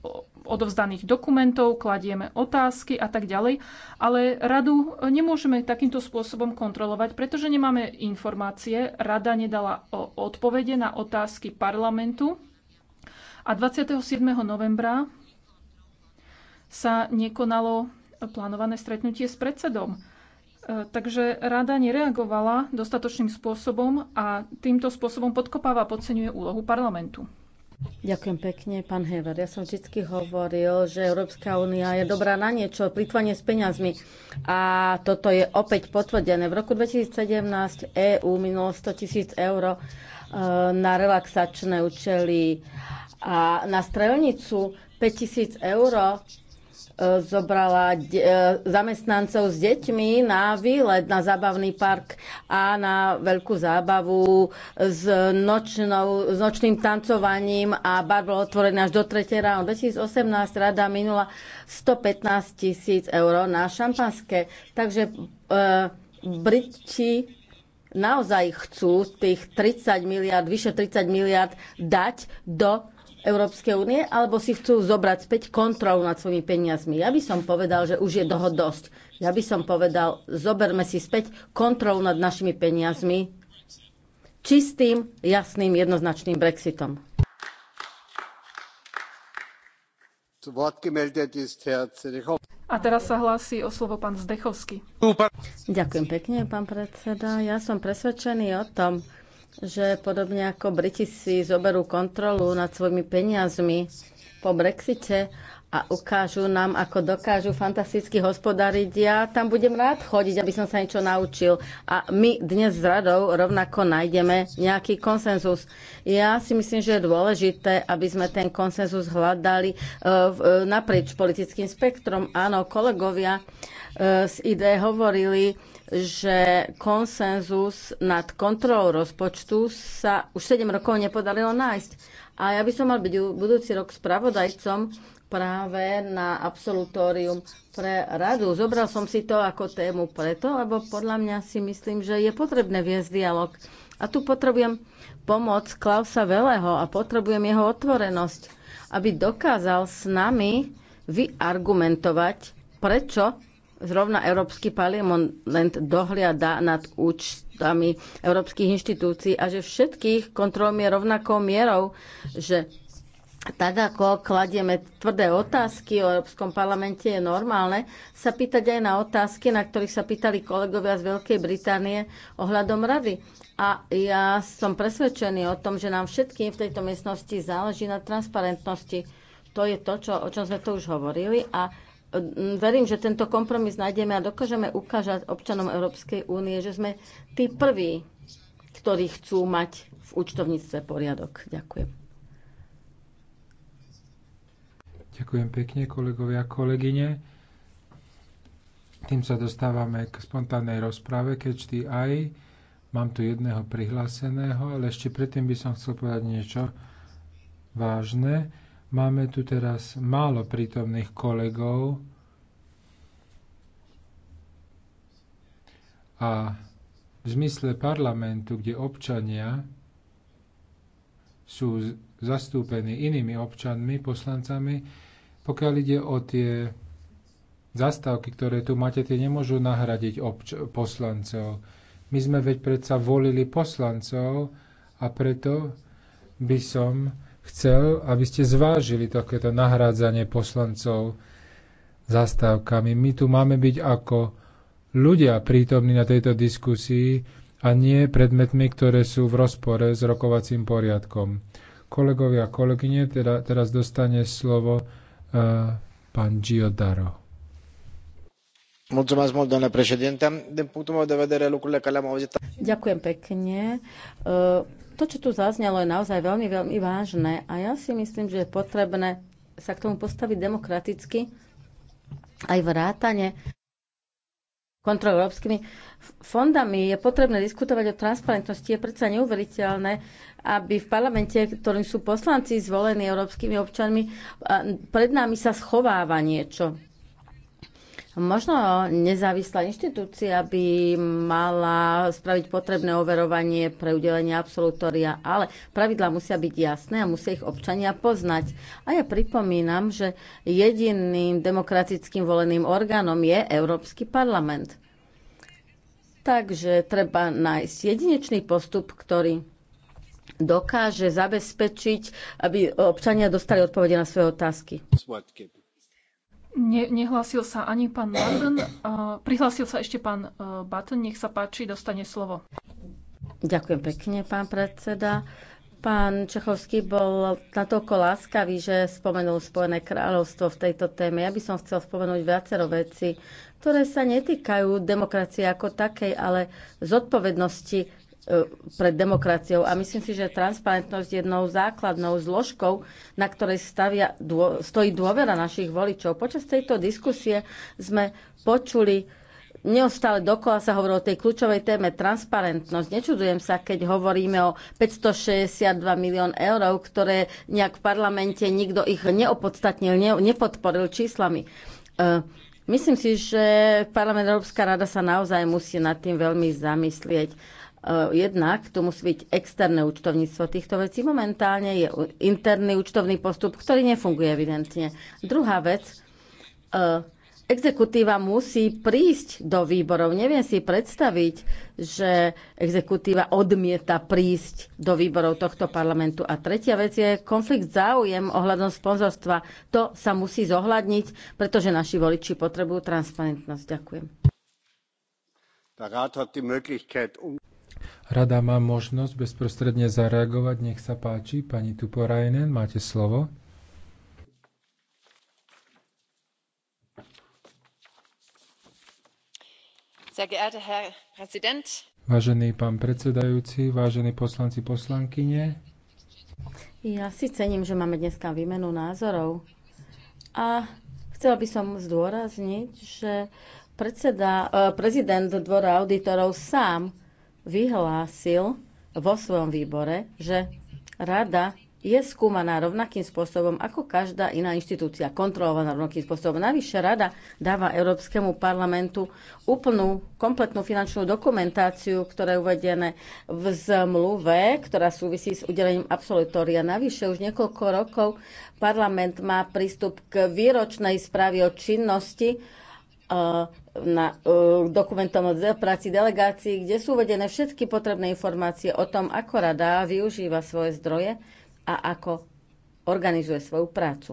odovzdaných dokumentov, kladieme otázky a tak ďalej, ale radu nemôžeme takýmto spôsobom kontrolovať, pretože nemáme informácie. Rada nedala odpovede na otázky parlamentu a 27. novembra sa nekonalo plánované stretnutie s predsedom. E, takže rada nereagovala dostatočným spôsobom a týmto spôsobom podkopáva a podceňuje úlohu parlamentu. Ďakujem pekne, pán Hever. Ja som vždy hovoril, že Európska únia je dobrá na niečo, plýtvanie s peniazmi. A toto je opäť potvrdené. V roku 2017 EÚ minulo 100 tisíc eur e, na relaxačné účely a na strelnicu 5 tisíc eur zobrala e, zamestnancov s deťmi na výlet, na zábavný park a na veľkú zábavu s, nočnou, s nočným tancovaním a bar bol otvorený až do 3. ráno. 2018 rada minula 115 tisíc eur na šampanské. Takže e, Briti naozaj chcú tých 30 miliard, vyše 30 miliard dať do Európskej únie, alebo si chcú zobrať späť kontrolu nad svojimi peniazmi. Ja by som povedal, že už je toho dosť. Ja by som povedal, zoberme si späť kontrolu nad našimi peniazmi čistým, jasným, jednoznačným Brexitom. A teraz sa hlási o slovo pán Zdechovský. Ďakujem pekne, pán predseda. Ja som presvedčený o tom, že podobne ako Briti si zoberú kontrolu nad svojimi peniazmi po Brexite a ukážu nám, ako dokážu fantasticky hospodariť. Ja tam budem rád chodiť, aby som sa niečo naučil. A my dnes s radou rovnako nájdeme nejaký konsenzus. Ja si myslím, že je dôležité, aby sme ten konsenzus hľadali e, e, naprieč politickým spektrom. Áno, kolegovia e, z ID hovorili, že konsenzus nad kontrolou rozpočtu sa už 7 rokov nepodarilo nájsť. A ja by som mal byť budúci rok spravodajcom práve na absolutórium pre radu. Zobral som si to ako tému preto, lebo podľa mňa si myslím, že je potrebné viesť dialog. A tu potrebujem pomoc Klausa Veleho a potrebujem jeho otvorenosť, aby dokázal s nami vyargumentovať, prečo zrovna Európsky parlament dohliada nad účtami európskych inštitúcií a že všetkých kontrolmi je rovnakou mierou, že tak ako kladieme tvrdé otázky o Európskom parlamente, je normálne sa pýtať aj na otázky, na ktorých sa pýtali kolegovia z Veľkej Británie ohľadom rady. A ja som presvedčený o tom, že nám všetkým v tejto miestnosti záleží na transparentnosti. To je to, čo, o čom sme to už hovorili a mm, verím, že tento kompromis nájdeme a dokážeme ukážať občanom Európskej únie, že sme tí prví, ktorí chcú mať v účtovníctve poriadok. Ďakujem. Ďakujem pekne, kolegovia a kolegyne. Tým sa dostávame k spontánnej rozprave, keď ty aj. Mám tu jedného prihláseného, ale ešte predtým by som chcel povedať niečo vážne. Máme tu teraz málo prítomných kolegov a v zmysle parlamentu, kde občania sú zastúpení inými občanmi, poslancami, pokiaľ ide o tie zastávky, ktoré tu máte, tie nemôžu nahradiť poslancov. My sme veď predsa volili poslancov a preto by som chcel, aby ste zvážili takéto nahrádzanie poslancov zastávkami. My tu máme byť ako ľudia prítomní na tejto diskusii a nie predmetmi, ktoré sú v rozpore s rokovacím poriadkom. Kolegovia a kolegyne, teda, teraz dostane slovo Eh, pán Giodaro. Ďakujem pekne. Eh, to, čo tu zaznelo, je naozaj veľmi, veľmi vážne a ja si myslím, že je potrebné sa k tomu postaviť demokraticky aj vrátane kontrol európskymi fondami. Je potrebné diskutovať o transparentnosti. Je predsa neuveriteľné, aby v parlamente, ktorým sú poslanci zvolení európskymi občanmi, pred nami sa schováva niečo. Možno nezávislá inštitúcia by mala spraviť potrebné overovanie pre udelenie absolutória, ale pravidlá musia byť jasné a musia ich občania poznať. A ja pripomínam, že jediným demokratickým voleným orgánom je Európsky parlament. Takže treba nájsť jedinečný postup, ktorý dokáže zabezpečiť, aby občania dostali odpovede na svoje otázky. Svatky. Ne, nehlásil sa ani pán Marden. Uh, prihlásil sa ešte pán uh, Nech sa páči, dostane slovo. Ďakujem pekne, pán predseda. Pán Čechovský bol natoľko láskavý, že spomenul Spojené kráľovstvo v tejto téme. Ja by som chcel spomenúť viacero veci, ktoré sa netýkajú demokracie ako takej, ale zodpovednosti E, pred demokraciou. A myslím si, že transparentnosť je jednou základnou zložkou, na ktorej stavia, dô, stojí dôvera našich voličov. Počas tejto diskusie sme počuli neustále dokola sa hovorilo o tej kľúčovej téme transparentnosť. Nečudujem sa, keď hovoríme o 562 milión eur, ktoré nejak v parlamente nikto ich neopodstatnil, ne, nepodporil číslami. Uh, myslím si, že Parlament Európska rada sa naozaj musí nad tým veľmi zamyslieť Eh, jednak tu musí byť externé účtovníctvo týchto vecí. Momentálne je interný účtovný postup, ktorý nefunguje evidentne. Druhá vec, eh, exekutíva musí prísť do výborov. Neviem si predstaviť, že exekutíva odmieta prísť do výborov tohto parlamentu. A tretia vec je konflikt záujem ohľadom sponzorstva. To sa musí zohľadniť, pretože naši voliči potrebujú transparentnosť. Ďakujem. Rada má možnosť bezprostredne zareagovať. Nech sa páči, pani Tuporajnen, máte slovo. Vážený pán predsedajúci, vážení poslanci, poslankyne. Ja si cením, že máme dneska výmenu názorov. A chcela by som zdôrazniť, že predseda, eh, prezident dvora auditorov sám vyhlásil vo svojom výbore, že rada je skúmaná rovnakým spôsobom ako každá iná inštitúcia, kontrolovaná rovnakým spôsobom. Navyše rada dáva Európskemu parlamentu úplnú, kompletnú finančnú dokumentáciu, ktorá je uvedené v zmluve, ktorá súvisí s udelením absolutória. Navyše už niekoľko rokov parlament má prístup k výročnej správe o činnosti e, na e, dokumentom o práci delegácií, kde sú uvedené všetky potrebné informácie o tom, ako rada využíva svoje zdroje a ako organizuje svoju prácu.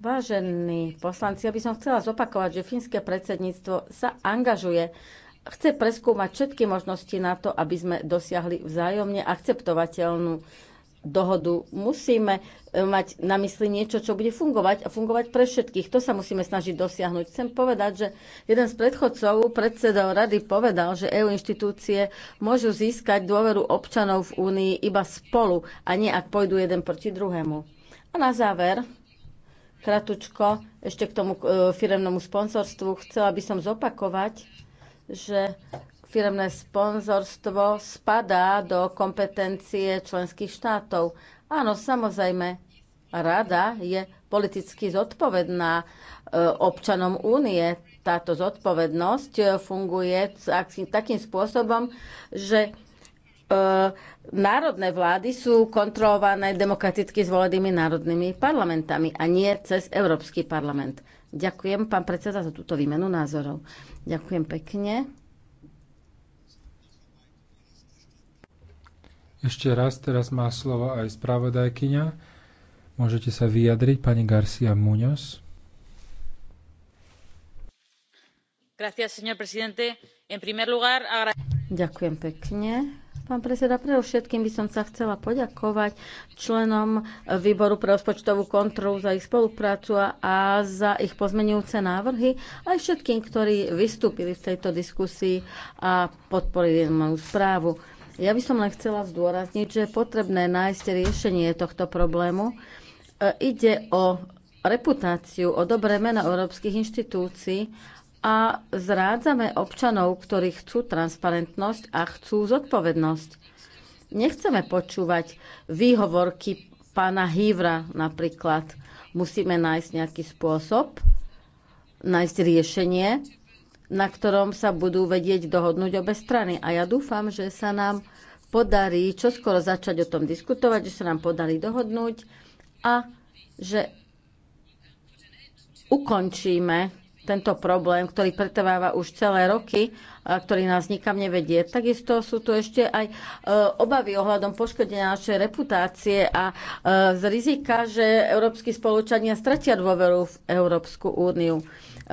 Vážení poslanci, ja by som chcela zopakovať, že fínske predsedníctvo sa angažuje chce preskúmať všetky možnosti na to, aby sme dosiahli vzájomne akceptovateľnú dohodu, musíme e, mať na mysli niečo, čo bude fungovať a fungovať pre všetkých. To sa musíme snažiť dosiahnuť. Chcem povedať, že jeden z predchodcov, predsedov rady, povedal, že EU inštitúcie môžu získať dôveru občanov v Únii iba spolu a nie ak pôjdu jeden proti druhému. A na záver, kratučko, ešte k tomu e, firemnému sponsorstvu, chcela by som zopakovať, že firemné sponzorstvo spadá do kompetencie členských štátov. Áno, samozrejme, rada je politicky zodpovedná e, občanom únie. Táto zodpovednosť funguje takým spôsobom, že e, národné vlády sú kontrolované demokraticky zvolenými národnými parlamentami a nie cez Európsky parlament. Ďakujem, pán predseda, za túto výmenu názorov. Ďakujem pekne. Ešte raz teraz má slovo aj spravodajkyňa. Môžete sa vyjadriť, pani Garcia Muñoz. Gracias, señor presidente. En primer lugar, agra... Ďakujem pekne. Pán predseda, všetkým by som sa chcela poďakovať členom Výboru pre rozpočtovú kontrolu za ich spoluprácu a za ich pozmenujúce návrhy, aj všetkým, ktorí vystúpili v tejto diskusii a podporili moju správu. Ja by som len chcela zdôrazniť, že je potrebné nájsť riešenie tohto problému. E, ide o reputáciu, o dobré meno európskych inštitúcií a zrádzame občanov, ktorí chcú transparentnosť a chcú zodpovednosť. Nechceme počúvať výhovorky pána Hívra napríklad. Musíme nájsť nejaký spôsob, nájsť riešenie, na ktorom sa budú vedieť dohodnúť obe strany. A ja dúfam, že sa nám podarí čoskoro začať o tom diskutovať, že sa nám podarí dohodnúť a že ukončíme tento problém, ktorý pretrváva už celé roky a ktorý nás nikam nevedie. Takisto sú tu ešte aj e, obavy ohľadom poškodenia našej reputácie a e, z rizika, že európsky spolučania stratia dôveru v Európsku úniu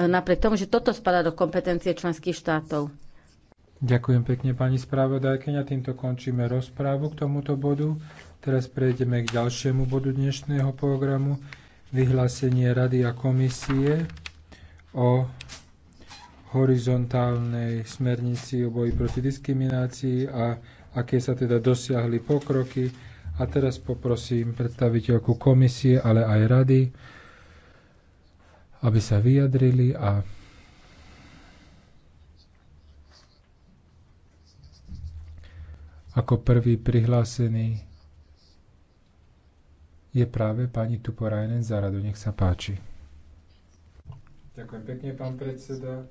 napriek tomu, že toto spadá do kompetencie členských štátov. Ďakujem pekne pani spravodajkyňa. Týmto končíme rozprávu k tomuto bodu. Teraz prejdeme k ďalšiemu bodu dnešného programu. Vyhlásenie Rady a komisie o horizontálnej smernici o boji proti diskriminácii a aké sa teda dosiahli pokroky. A teraz poprosím predstaviteľku komisie, ale aj rady, aby sa vyjadrili a ako prvý prihlásený je práve pani Tuporajnen za radu. Nech sa páči. Ďakujem pekne, pán predseda.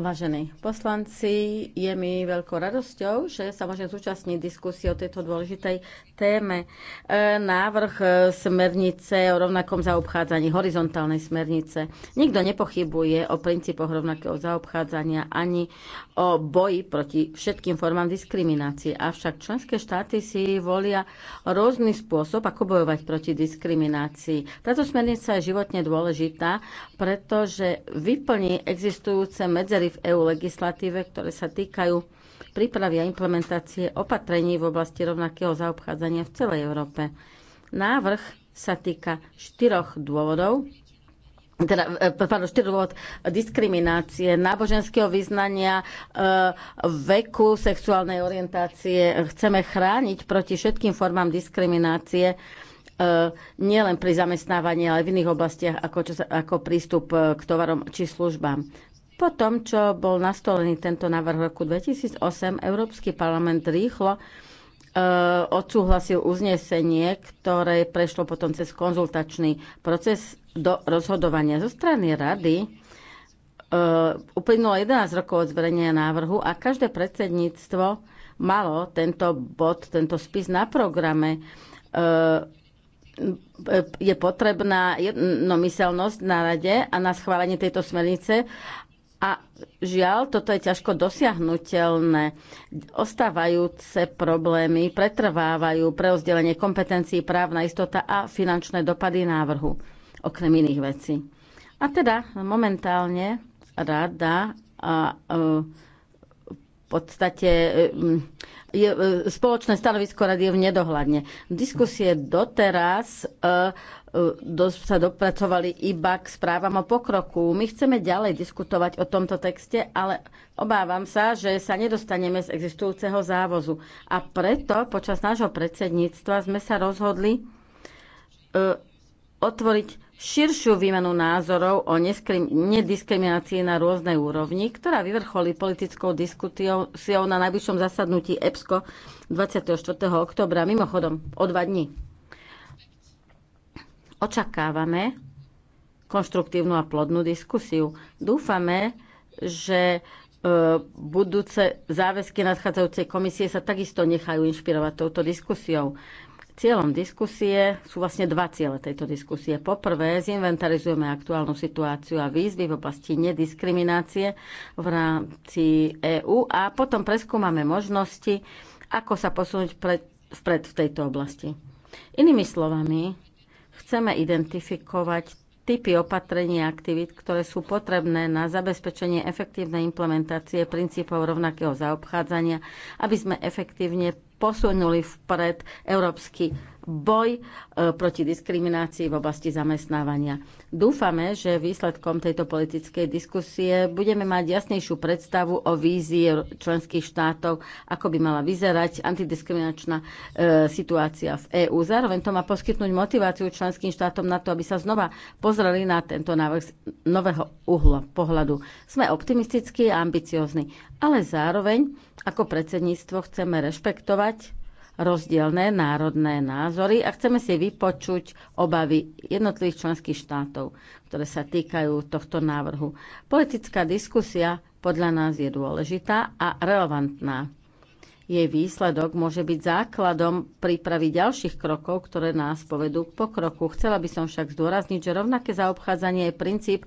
Vážení poslanci, je mi veľkou radosťou, že sa môžem zúčastniť diskusie o tejto dôležitej téme. E, návrh smernice o rovnakom zaobchádzaní, horizontálnej smernice. Nikto nepochybuje o princípoch rovnakého zaobchádzania ani o boji proti všetkým formám diskriminácie. Avšak členské štáty si volia rôzny spôsob, ako bojovať proti diskriminácii. Táto smernica je životne dôležitá, pretože vyplní existujúce medzery v EU legislatíve, ktoré sa týkajú prípravy a implementácie opatrení v oblasti rovnakého zaobchádzania v celej Európe. Návrh sa týka štyroch dôvodov, teda, e, pardon, dôvod diskriminácie, náboženského vyznania, e, veku, sexuálnej orientácie. Chceme chrániť proti všetkým formám diskriminácie, e, nielen pri zamestnávaní, ale aj v iných oblastiach, ako, čo sa, ako prístup k tovarom či službám. Po tom, čo bol nastolený tento návrh roku 2008, Európsky parlament rýchlo eh, odsúhlasil uznesenie, ktoré prešlo potom cez konzultačný proces do rozhodovania. Zo strany rady eh, uplynulo 11 rokov od zverejnenia návrhu a každé predsedníctvo malo tento bod, tento spis na programe. Eh, je potrebná jednomyselnosť na rade a na schválenie tejto smernice a žiaľ, toto je ťažko dosiahnutelné. Ostávajúce problémy pretrvávajú pre rozdelenie kompetencií, právna istota a finančné dopady návrhu, okrem iných vecí. A teda momentálne rada a, a e, v podstate e, je, e, spoločné stanovisko rady je v nedohľadne. Diskusie doteraz e, e, sa dopracovali iba k správam o pokroku. My chceme ďalej diskutovať o tomto texte, ale obávam sa, že sa nedostaneme z existujúceho závozu. A preto počas nášho predsedníctva sme sa rozhodli otvoriť širšiu výmenu názorov o nediskriminácii na rôznej úrovni, ktorá vyvrcholí politickou diskusiou na najbližšom zasadnutí EPSCO 24. oktobra, mimochodom o dva dní. Očakávame konštruktívnu a plodnú diskusiu. Dúfame, že e, budúce záväzky nadchádzajúcej komisie sa takisto nechajú inšpirovať touto diskusiou. Cieľom diskusie sú vlastne dva ciele tejto diskusie. Poprvé, zinventarizujeme aktuálnu situáciu a výzvy v oblasti nediskriminácie v rámci EÚ a potom preskúmame možnosti, ako sa posunúť pred, vpred v tejto oblasti. Inými slovami, chceme identifikovať typy opatrení a aktivít, ktoré sú potrebné na zabezpečenie efektívnej implementácie princípov rovnakého zaobchádzania, aby sme efektívne posunuli vpred európsky boj e, proti diskriminácii v oblasti zamestnávania. Dúfame, že výsledkom tejto politickej diskusie budeme mať jasnejšiu predstavu o vízii členských štátov, ako by mala vyzerať antidiskriminačná e, situácia v EÚ. Zároveň to má poskytnúť motiváciu členským štátom na to, aby sa znova pozreli na tento návrh z nového uhla pohľadu. Sme optimistickí a ambiciozni, ale zároveň ako predsedníctvo chceme rešpektovať rozdielne národné názory a chceme si vypočuť obavy jednotlivých členských štátov, ktoré sa týkajú tohto návrhu. Politická diskusia podľa nás je dôležitá a relevantná. Jej výsledok môže byť základom prípravy ďalších krokov, ktoré nás povedú k pokroku. Chcela by som však zdôrazniť, že rovnaké zaobchádzanie je princíp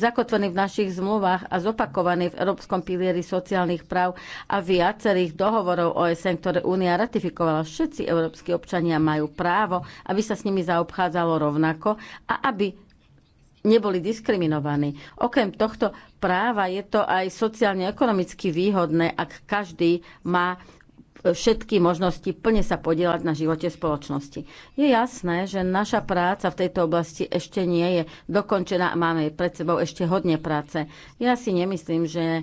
zakotvený v našich zmluvách a zopakovaný v Európskom pilieri sociálnych práv a viacerých dohovorov OSN, ktoré Únia ratifikovala. Všetci európsky občania majú právo, aby sa s nimi zaobchádzalo rovnako a aby neboli diskriminovaní. Okrem tohto práva je to aj sociálne-ekonomicky výhodné, ak každý má všetky možnosti plne sa podielať na živote spoločnosti. Je jasné, že naša práca v tejto oblasti ešte nie je dokončená a máme pred sebou ešte hodne práce. Ja si nemyslím, že e,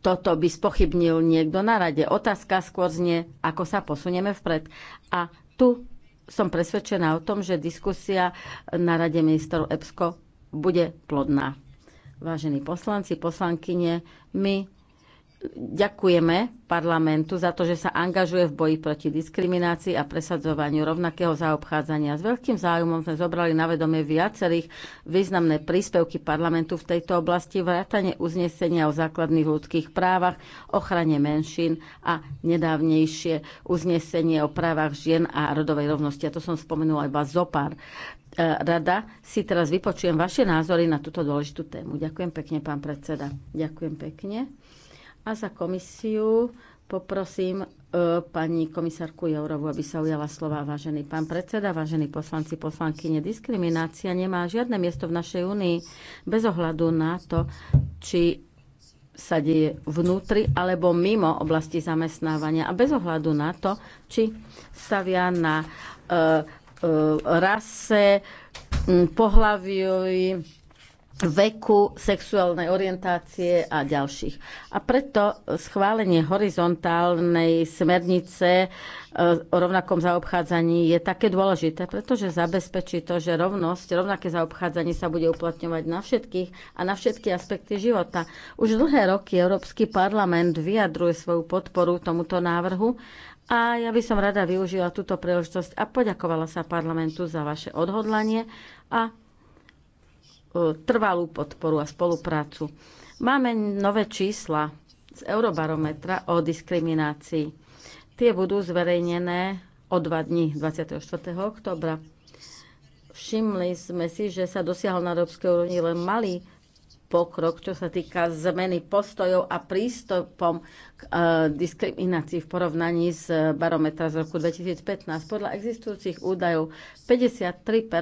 toto by spochybnil niekto na rade. Otázka skôr znie, ako sa posunieme vpred. A tu som presvedčená o tom, že diskusia na Rade ministrov EPSCO bude plodná. Vážení poslanci, poslankyne, my Ďakujeme parlamentu za to, že sa angažuje v boji proti diskriminácii a presadzovaniu rovnakého zaobchádzania. S veľkým záujmom sme zobrali na vedomie viacerých významné príspevky parlamentu v tejto oblasti, vrátane uznesenia o základných ľudských právach, ochrane menšín a nedávnejšie uznesenie o právach žien a rodovej rovnosti. A to som spomenula iba zopár. E, Rada si teraz vypočujem vaše názory na túto dôležitú tému. Ďakujem pekne, pán predseda. Ďakujem pekne. A za komisiu poprosím e, pani komisárku Jourovu, aby sa ujala slova. Vážený pán predseda, vážení poslanci, poslanky, nediskriminácia nemá žiadne miesto v našej únii bez ohľadu na to, či sa deje vnútri alebo mimo oblasti zamestnávania a bez ohľadu na to, či stavia na e, e, rase, pohľaviu, veku, sexuálnej orientácie a ďalších. A preto schválenie horizontálnej smernice e, o rovnakom zaobchádzaní je také dôležité, pretože zabezpečí to, že rovnosť, rovnaké zaobchádzanie sa bude uplatňovať na všetkých a na všetky aspekty života. Už dlhé roky Európsky parlament vyjadruje svoju podporu tomuto návrhu a ja by som rada využila túto príležitosť a poďakovala sa parlamentu za vaše odhodlanie a E, trvalú podporu a spoluprácu. Máme nové čísla z Eurobarometra o diskriminácii. Tie budú zverejnené o dva dní, 24. oktobra. Všimli sme si, že sa dosiahol na európskej úrovni len malý pokrok, čo sa týka zmeny postojov a prístupom k e, diskriminácii v porovnaní s barometra z roku 2015. Podľa existujúcich údajov 53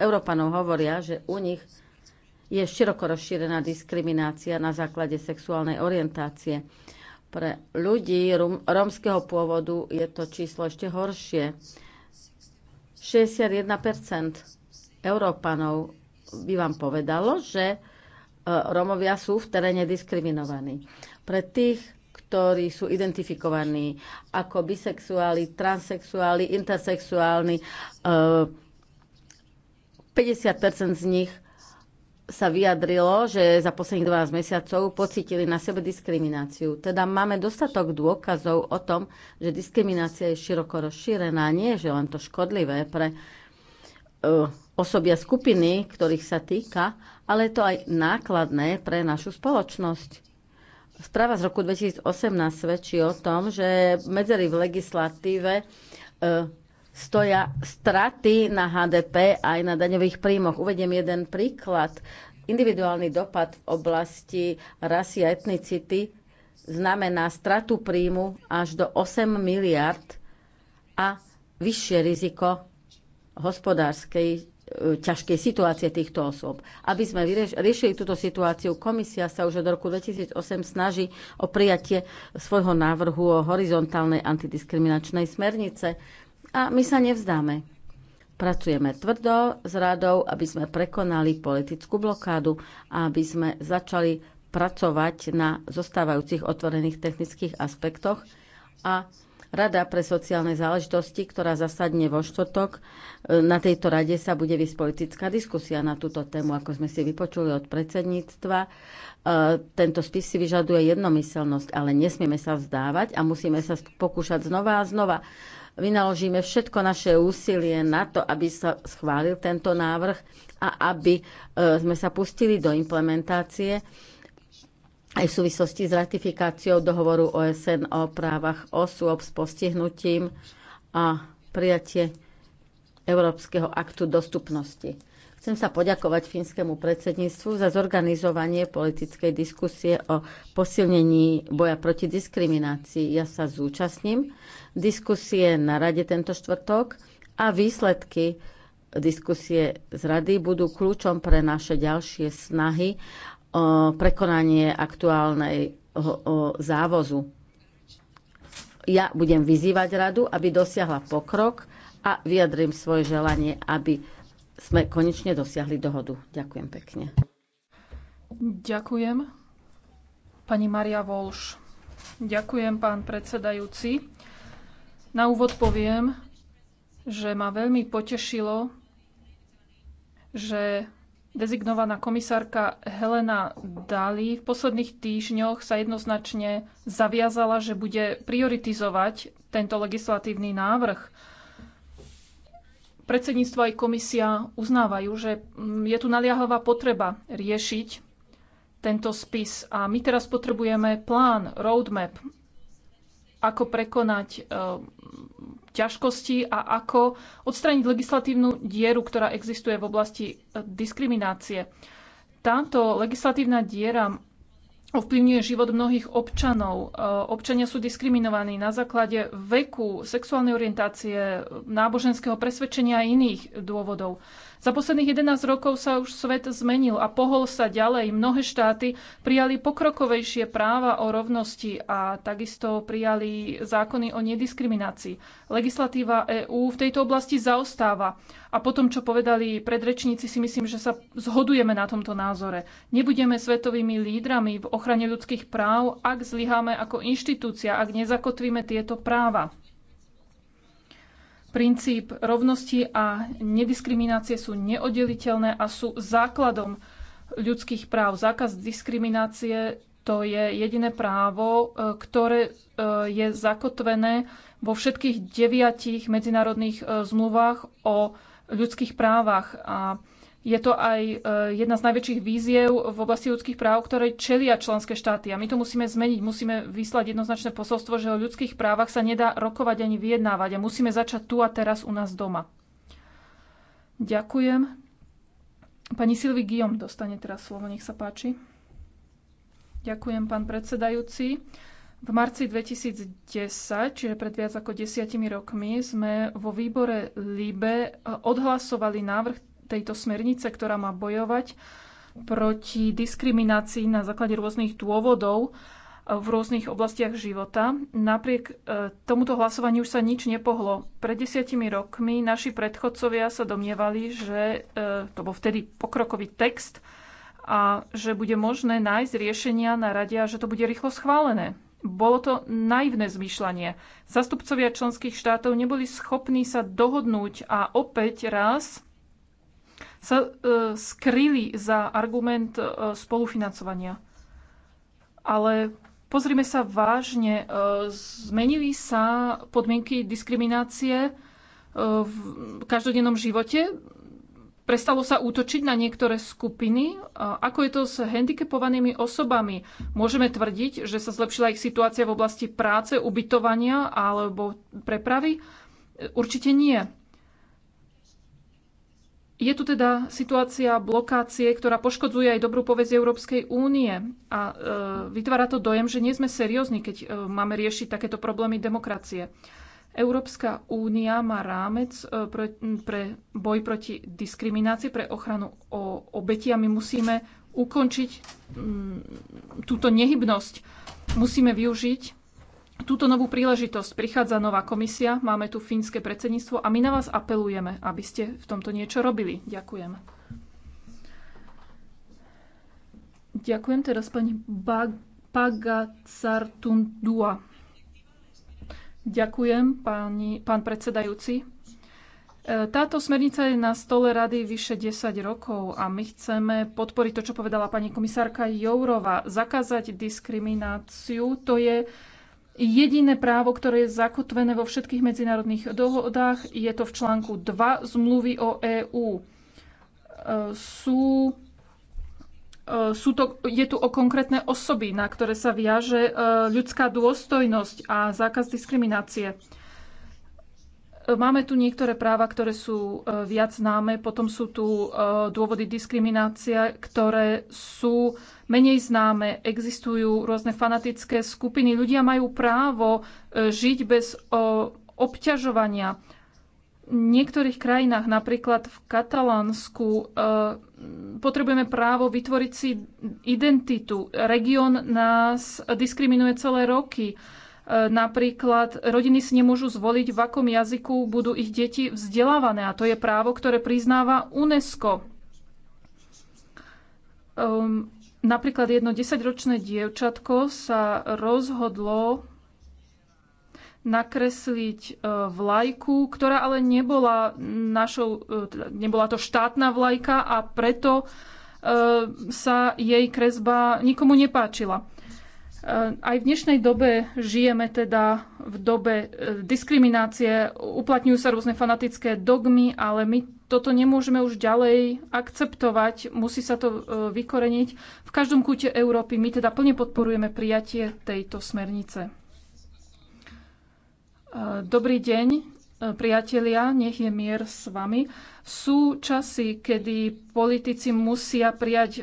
Európanov hovoria, že u nich je široko rozšírená diskriminácia na základe sexuálnej orientácie. Pre ľudí rómskeho pôvodu je to číslo ešte horšie. 61 Európanov by vám povedalo, že e, Romovia sú v teréne diskriminovaní. Pre tých, ktorí sú identifikovaní ako bisexuáli, transexuáli, intersexuálni, 50 e, z nich sa vyjadrilo, že za posledných 12 mesiacov pocítili na sebe diskrimináciu. Teda máme dostatok dôkazov o tom, že diskriminácia je široko rozšírená. Nie, že len to škodlivé pre uh, osobia skupiny, ktorých sa týka, ale je to aj nákladné pre našu spoločnosť. Správa z roku 2018 svedčí o tom, že medzery v legislatíve e, stoja straty na HDP aj na daňových príjmoch. Uvediem jeden príklad. Individuálny dopad v oblasti rasy a etnicity znamená stratu príjmu až do 8 miliard a vyššie riziko hospodárskej E, ťažkej situácie týchto osôb. Aby sme riešili túto situáciu, komisia sa už od roku 2008 snaží o prijatie svojho návrhu o horizontálnej antidiskriminačnej smernice a my sa nevzdáme. Pracujeme tvrdo s radou, aby sme prekonali politickú blokádu a aby sme začali pracovať na zostávajúcich otvorených technických aspektoch a Rada pre sociálne záležitosti, ktorá zasadne vo štvrtok, e, na tejto rade sa bude vysť politická diskusia na túto tému, ako sme si vypočuli od predsedníctva. E, tento spis si vyžaduje jednomyselnosť, ale nesmieme sa vzdávať a musíme sa pokúšať znova a znova. Vynaložíme všetko naše úsilie na to, aby sa schválil tento návrh a aby e, sme sa pustili do implementácie aj v súvislosti s ratifikáciou dohovoru OSN o právach osôb s postihnutím a prijatie Európskeho aktu dostupnosti. Chcem sa poďakovať fínskemu predsedníctvu za zorganizovanie politickej diskusie o posilnení boja proti diskriminácii. Ja sa zúčastním diskusie na rade tento štvrtok a výsledky diskusie z rady budú kľúčom pre naše ďalšie snahy o prekonanie aktuálnej závozu. Ja budem vyzývať radu, aby dosiahla pokrok a vyjadrím svoje želanie, aby sme konečne dosiahli dohodu. Ďakujem pekne. Ďakujem. Pani Maria Volš. Ďakujem, pán predsedajúci. Na úvod poviem, že ma veľmi potešilo, že Dezignovaná komisárka Helena Dali v posledných týždňoch sa jednoznačne zaviazala, že bude prioritizovať tento legislatívny návrh. Predsedníctvo aj komisia uznávajú, že je tu naliahová potreba riešiť tento spis a my teraz potrebujeme plán, roadmap, ako prekonať eh, ťažkosti a ako odstrániť legislatívnu dieru, ktorá existuje v oblasti e, diskriminácie. Táto legislatívna diera ovplyvňuje život mnohých občanov. E, občania sú diskriminovaní na základe veku, sexuálnej orientácie, e, náboženského presvedčenia a iných dôvodov. Za posledných 11 rokov sa už svet zmenil a pohol sa ďalej. Mnohé štáty prijali pokrokovejšie práva o rovnosti a takisto prijali zákony o nediskriminácii. Legislatíva EÚ v tejto oblasti zaostáva. A potom, čo povedali predrečníci, si myslím, že sa zhodujeme na tomto názore. Nebudeme svetovými lídrami v ochrane ľudských práv, ak zlyháme ako inštitúcia, ak nezakotvíme tieto práva. Princíp rovnosti a nediskriminácie sú neoddeliteľné a sú základom ľudských práv. Zákaz diskriminácie to je jediné právo, e, ktoré e, je zakotvené vo všetkých deviatich medzinárodných e, zmluvách o ľudských právach. A je to aj e, jedna z najväčších víziev v oblasti ľudských práv, ktoré čelia členské štáty. A my to musíme zmeniť. Musíme vyslať jednoznačné posolstvo, že o ľudských právach sa nedá rokovať ani vyjednávať. A musíme začať tu a teraz u nás doma. Ďakujem. Pani Silvi Guillaume dostane teraz slovo. Nech sa páči. Ďakujem, pán predsedajúci. V marci 2010, čiže pred viac ako desiatimi rokmi, sme vo výbore LIBE odhlasovali návrh tejto smernice, ktorá má bojovať proti diskriminácii na základe rôznych dôvodov e, v rôznych oblastiach života. Napriek e, tomuto hlasovaniu už sa nič nepohlo. Pred desiatimi rokmi naši predchodcovia sa domnievali, že e, to bol vtedy pokrokový text a že bude možné nájsť riešenia na rade a že to bude rýchlo schválené. Bolo to naivné zmýšľanie. Zastupcovia členských štátov neboli schopní sa dohodnúť a opäť raz sa e, skryli za argument e, spolufinancovania. Ale pozrime sa vážne, e, zmenili sa podmienky diskriminácie v každodennom živote. Prestalo sa útočiť na niektoré skupiny. Ako je to s handicapovanými osobami? Môžeme tvrdiť, že sa zlepšila ich situácia v oblasti práce, ubytovania alebo prepravy? Určite nie. Je tu teda situácia blokácie, ktorá poškodzuje aj dobrú povesť Európskej únie a e, vytvára to dojem, že nie sme seriózni, keď e, máme riešiť takéto problémy demokracie. Európska únia má rámec e, pre, pre boj proti diskriminácii, pre ochranu o obeti a my musíme ukončiť m, túto nehybnosť. Musíme využiť túto novú príležitosť. Prichádza nová komisia, máme tu fínske predsedníctvo a my na vás apelujeme, aby ste v tomto niečo robili. Ďakujem. Ďakujem teraz pani Pagacartundua. Ďakujem, pani, pán predsedajúci. E, táto smernica je na stole rady vyše 10 rokov a my chceme podporiť to, čo povedala pani komisárka Jourova. Zakázať diskrimináciu, to je jediné právo, ktoré je zakotvené vo všetkých medzinárodných dohodách. Je to v článku 2 zmluvy o EÚ. E, sú, e, sú to, je tu o konkrétne osoby, na ktoré sa viaže e, ľudská dôstojnosť a zákaz diskriminácie. Máme tu niektoré práva, ktoré sú e, viac známe, potom sú tu e, dôvody diskriminácia, ktoré sú menej známe. Existujú rôzne fanatické skupiny. Ľudia majú právo e, žiť bez obťažovania. V niektorých krajinách, napríklad v Katalánsku, potrebujeme právo vytvoriť si identitu. Región nás diskriminuje celé roky Napríklad rodiny si nemôžu zvoliť, v akom jazyku budú ich deti vzdelávané a to je právo, ktoré priznáva UNESCO. Um, napríklad jedno desaťročné dievčatko sa rozhodlo nakresliť e, vlajku, ktorá ale nebola našou, e, teda nebola to štátna vlajka a preto e, sa jej kresba nikomu nepáčila. Aj v dnešnej dobe žijeme teda v dobe e, diskriminácie, uplatňujú sa rôzne fanatické dogmy, ale my toto nemôžeme už ďalej akceptovať, musí sa to e, vykoreniť. V každom kúte Európy my teda plne podporujeme prijatie tejto smernice. E, dobrý deň, E, priatelia, nech je mier s vami. Sú časy, kedy politici musia prijať e,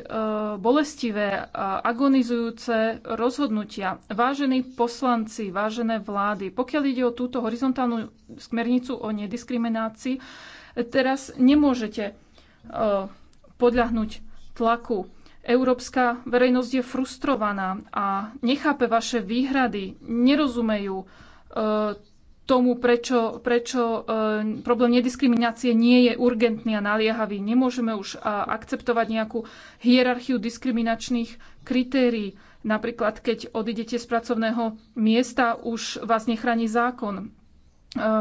bolestivé a agonizujúce rozhodnutia. Vážení poslanci, vážené vlády, pokiaľ ide o túto horizontálnu smernicu o nediskriminácii, teraz nemôžete e, podľahnuť tlaku. Európska verejnosť je frustrovaná a nechápe vaše výhrady, nerozumejú tomu, prečo, prečo e, problém nediskriminácie nie je urgentný a naliehavý. Nemôžeme už a, akceptovať nejakú hierarchiu diskriminačných kritérií. Napríklad, keď odidete z pracovného miesta, už vás nechráni zákon. E,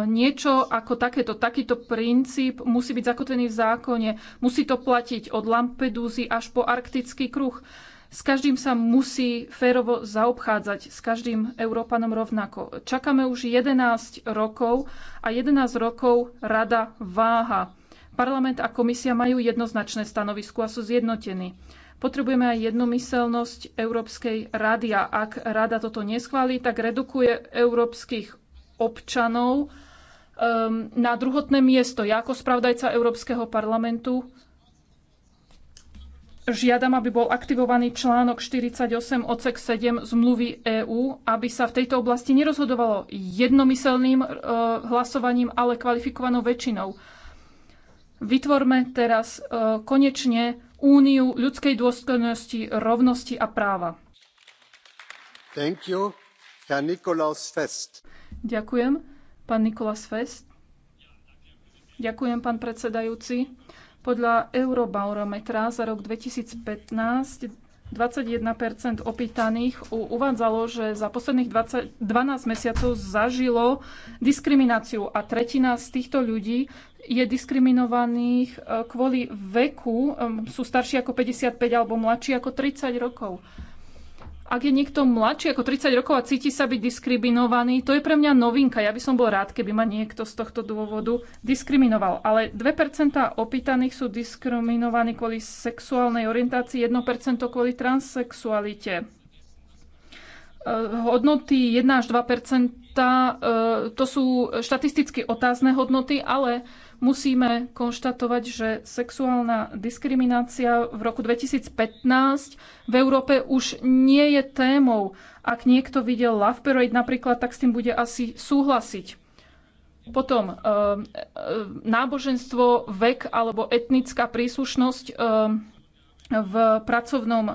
niečo ako takéto, takýto princíp musí byť zakotvený v zákone. Musí to platiť od Lampedúzy až po arktický kruh. S každým sa musí férovo zaobchádzať, s každým Európanom rovnako. Čakáme už 11 rokov a 11 rokov rada váha. Parlament a komisia majú jednoznačné stanovisko a sú zjednotení. Potrebujeme aj jednomyselnosť Európskej rady a ak rada toto neschválí, tak redukuje európskych občanov um, na druhotné miesto. Ja ako spravdajca Európskeho parlamentu Žiadam, aby bol aktivovaný článok 48 odsek 7 zmluvy EÚ, aby sa v tejto oblasti nerozhodovalo jednomyselným e, hlasovaním, ale kvalifikovanou väčšinou. Vytvorme teraz e, konečne úniu ľudskej dôstojnosti, rovnosti a práva. Thank you. Herr Nikolaus Fest. Ďakujem. Pán Nikolás Fest. Ďakujem, pán predsedajúci. Podľa Eurobarometra za rok 2015 21 opýtaných uvádzalo, že za posledných 20, 12 mesiacov zažilo diskrimináciu a tretina z týchto ľudí je diskriminovaných eh, kvôli veku, sú starší ako 55 alebo mladší ako 30 rokov ak je niekto mladší ako 30 rokov a cíti sa byť diskriminovaný, to je pre mňa novinka. Ja by som bol rád, keby ma niekto z tohto dôvodu diskriminoval. Ale 2% opýtaných sú diskriminovaní kvôli sexuálnej orientácii, 1% kvôli transsexualite. E, hodnoty 1 až 2% e, to sú štatisticky otázne hodnoty, ale musíme konštatovať, že sexuálna diskriminácia v roku 2015 v Európe už nie je témou. Ak niekto videl Love Parade napríklad, tak s tým bude asi súhlasiť. Potom eh, eh, náboženstvo, vek alebo etnická príslušnosť eh, v pracovnom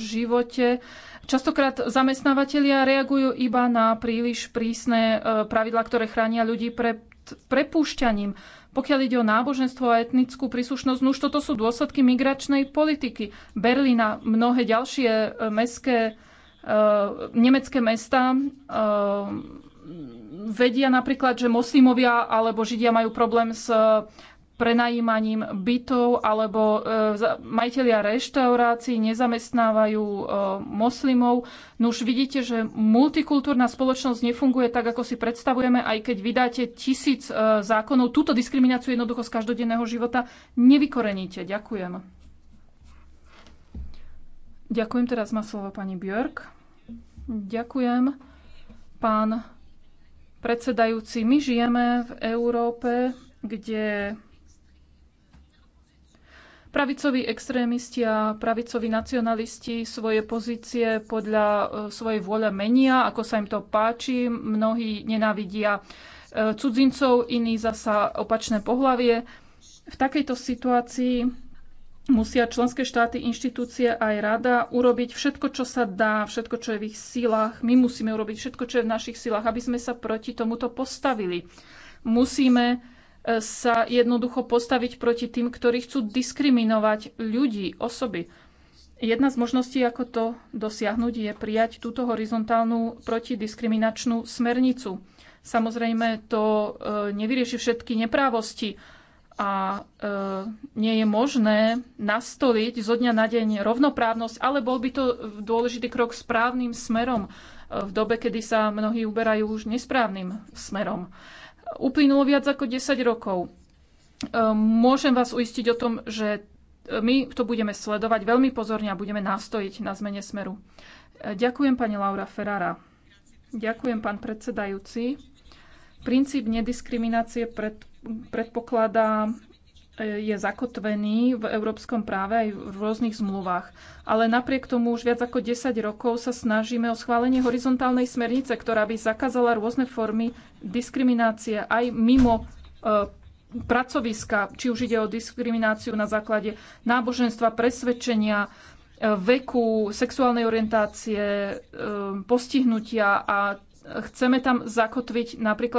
živote. Častokrát zamestnávateľia reagujú iba na príliš prísne pravidlá, ktoré chránia ľudí pred prepúšťaním. Pokiaľ ide o náboženstvo a etnickú príslušnosť, no už toto sú dôsledky migračnej politiky. Berlín a mnohé ďalšie e, mestské, uh, e, nemecké mesta uh, vedia napríklad, že moslimovia alebo židia majú problém s prenajímaním bytov alebo e, majiteľia reštaurácií nezamestnávajú e, moslimov. No už vidíte, že multikultúrna spoločnosť nefunguje tak, ako si predstavujeme, aj keď vydáte tisíc e, zákonov. Túto diskrimináciu jednoducho z každodenného života nevykoreníte. Ďakujem. Ďakujem, teraz má slovo pani Björk. Ďakujem, pán predsedajúci. My žijeme v Európe, kde Pravicoví extrémisti a pravicoví nacionalisti svoje pozície podľa e, svojej vôle menia, ako sa im to páči. Mnohí nenávidia e, cudzincov, iní zasa opačné pohlavie. V takejto situácii musia členské štáty, inštitúcie aj rada urobiť všetko, čo sa dá, všetko, čo je v ich silách. My musíme urobiť všetko, čo je v našich silách, aby sme sa proti tomuto postavili. Musíme sa jednoducho postaviť proti tým, ktorí chcú diskriminovať ľudí, osoby. Jedna z možností, ako to dosiahnuť, je prijať túto horizontálnu protidiskriminačnú smernicu. Samozrejme, to e, nevyrieši všetky neprávosti a e, nie je možné nastoliť zo dňa na deň rovnoprávnosť, ale bol by to dôležitý krok správnym smerom e, v dobe, kedy sa mnohí uberajú už nesprávnym smerom uplynulo viac ako 10 rokov. Ehm, môžem vás uistiť o tom, že e, my to budeme sledovať veľmi pozorne a budeme nastojiť na zmene smeru. E, ďakujem pani Laura Ferrara. Ďakujem pán predsedajúci. Princíp nediskriminácie pred, predpokladá je zakotvený v európskom práve aj v rôznych zmluvách. Ale napriek tomu už viac ako 10 rokov sa snažíme o schválenie horizontálnej smernice, ktorá by zakázala rôzne formy diskriminácie aj mimo e, pracoviska, či už ide o diskrimináciu na základe náboženstva, presvedčenia, e, veku, sexuálnej orientácie, e, postihnutia a chceme tam zakotviť napríklad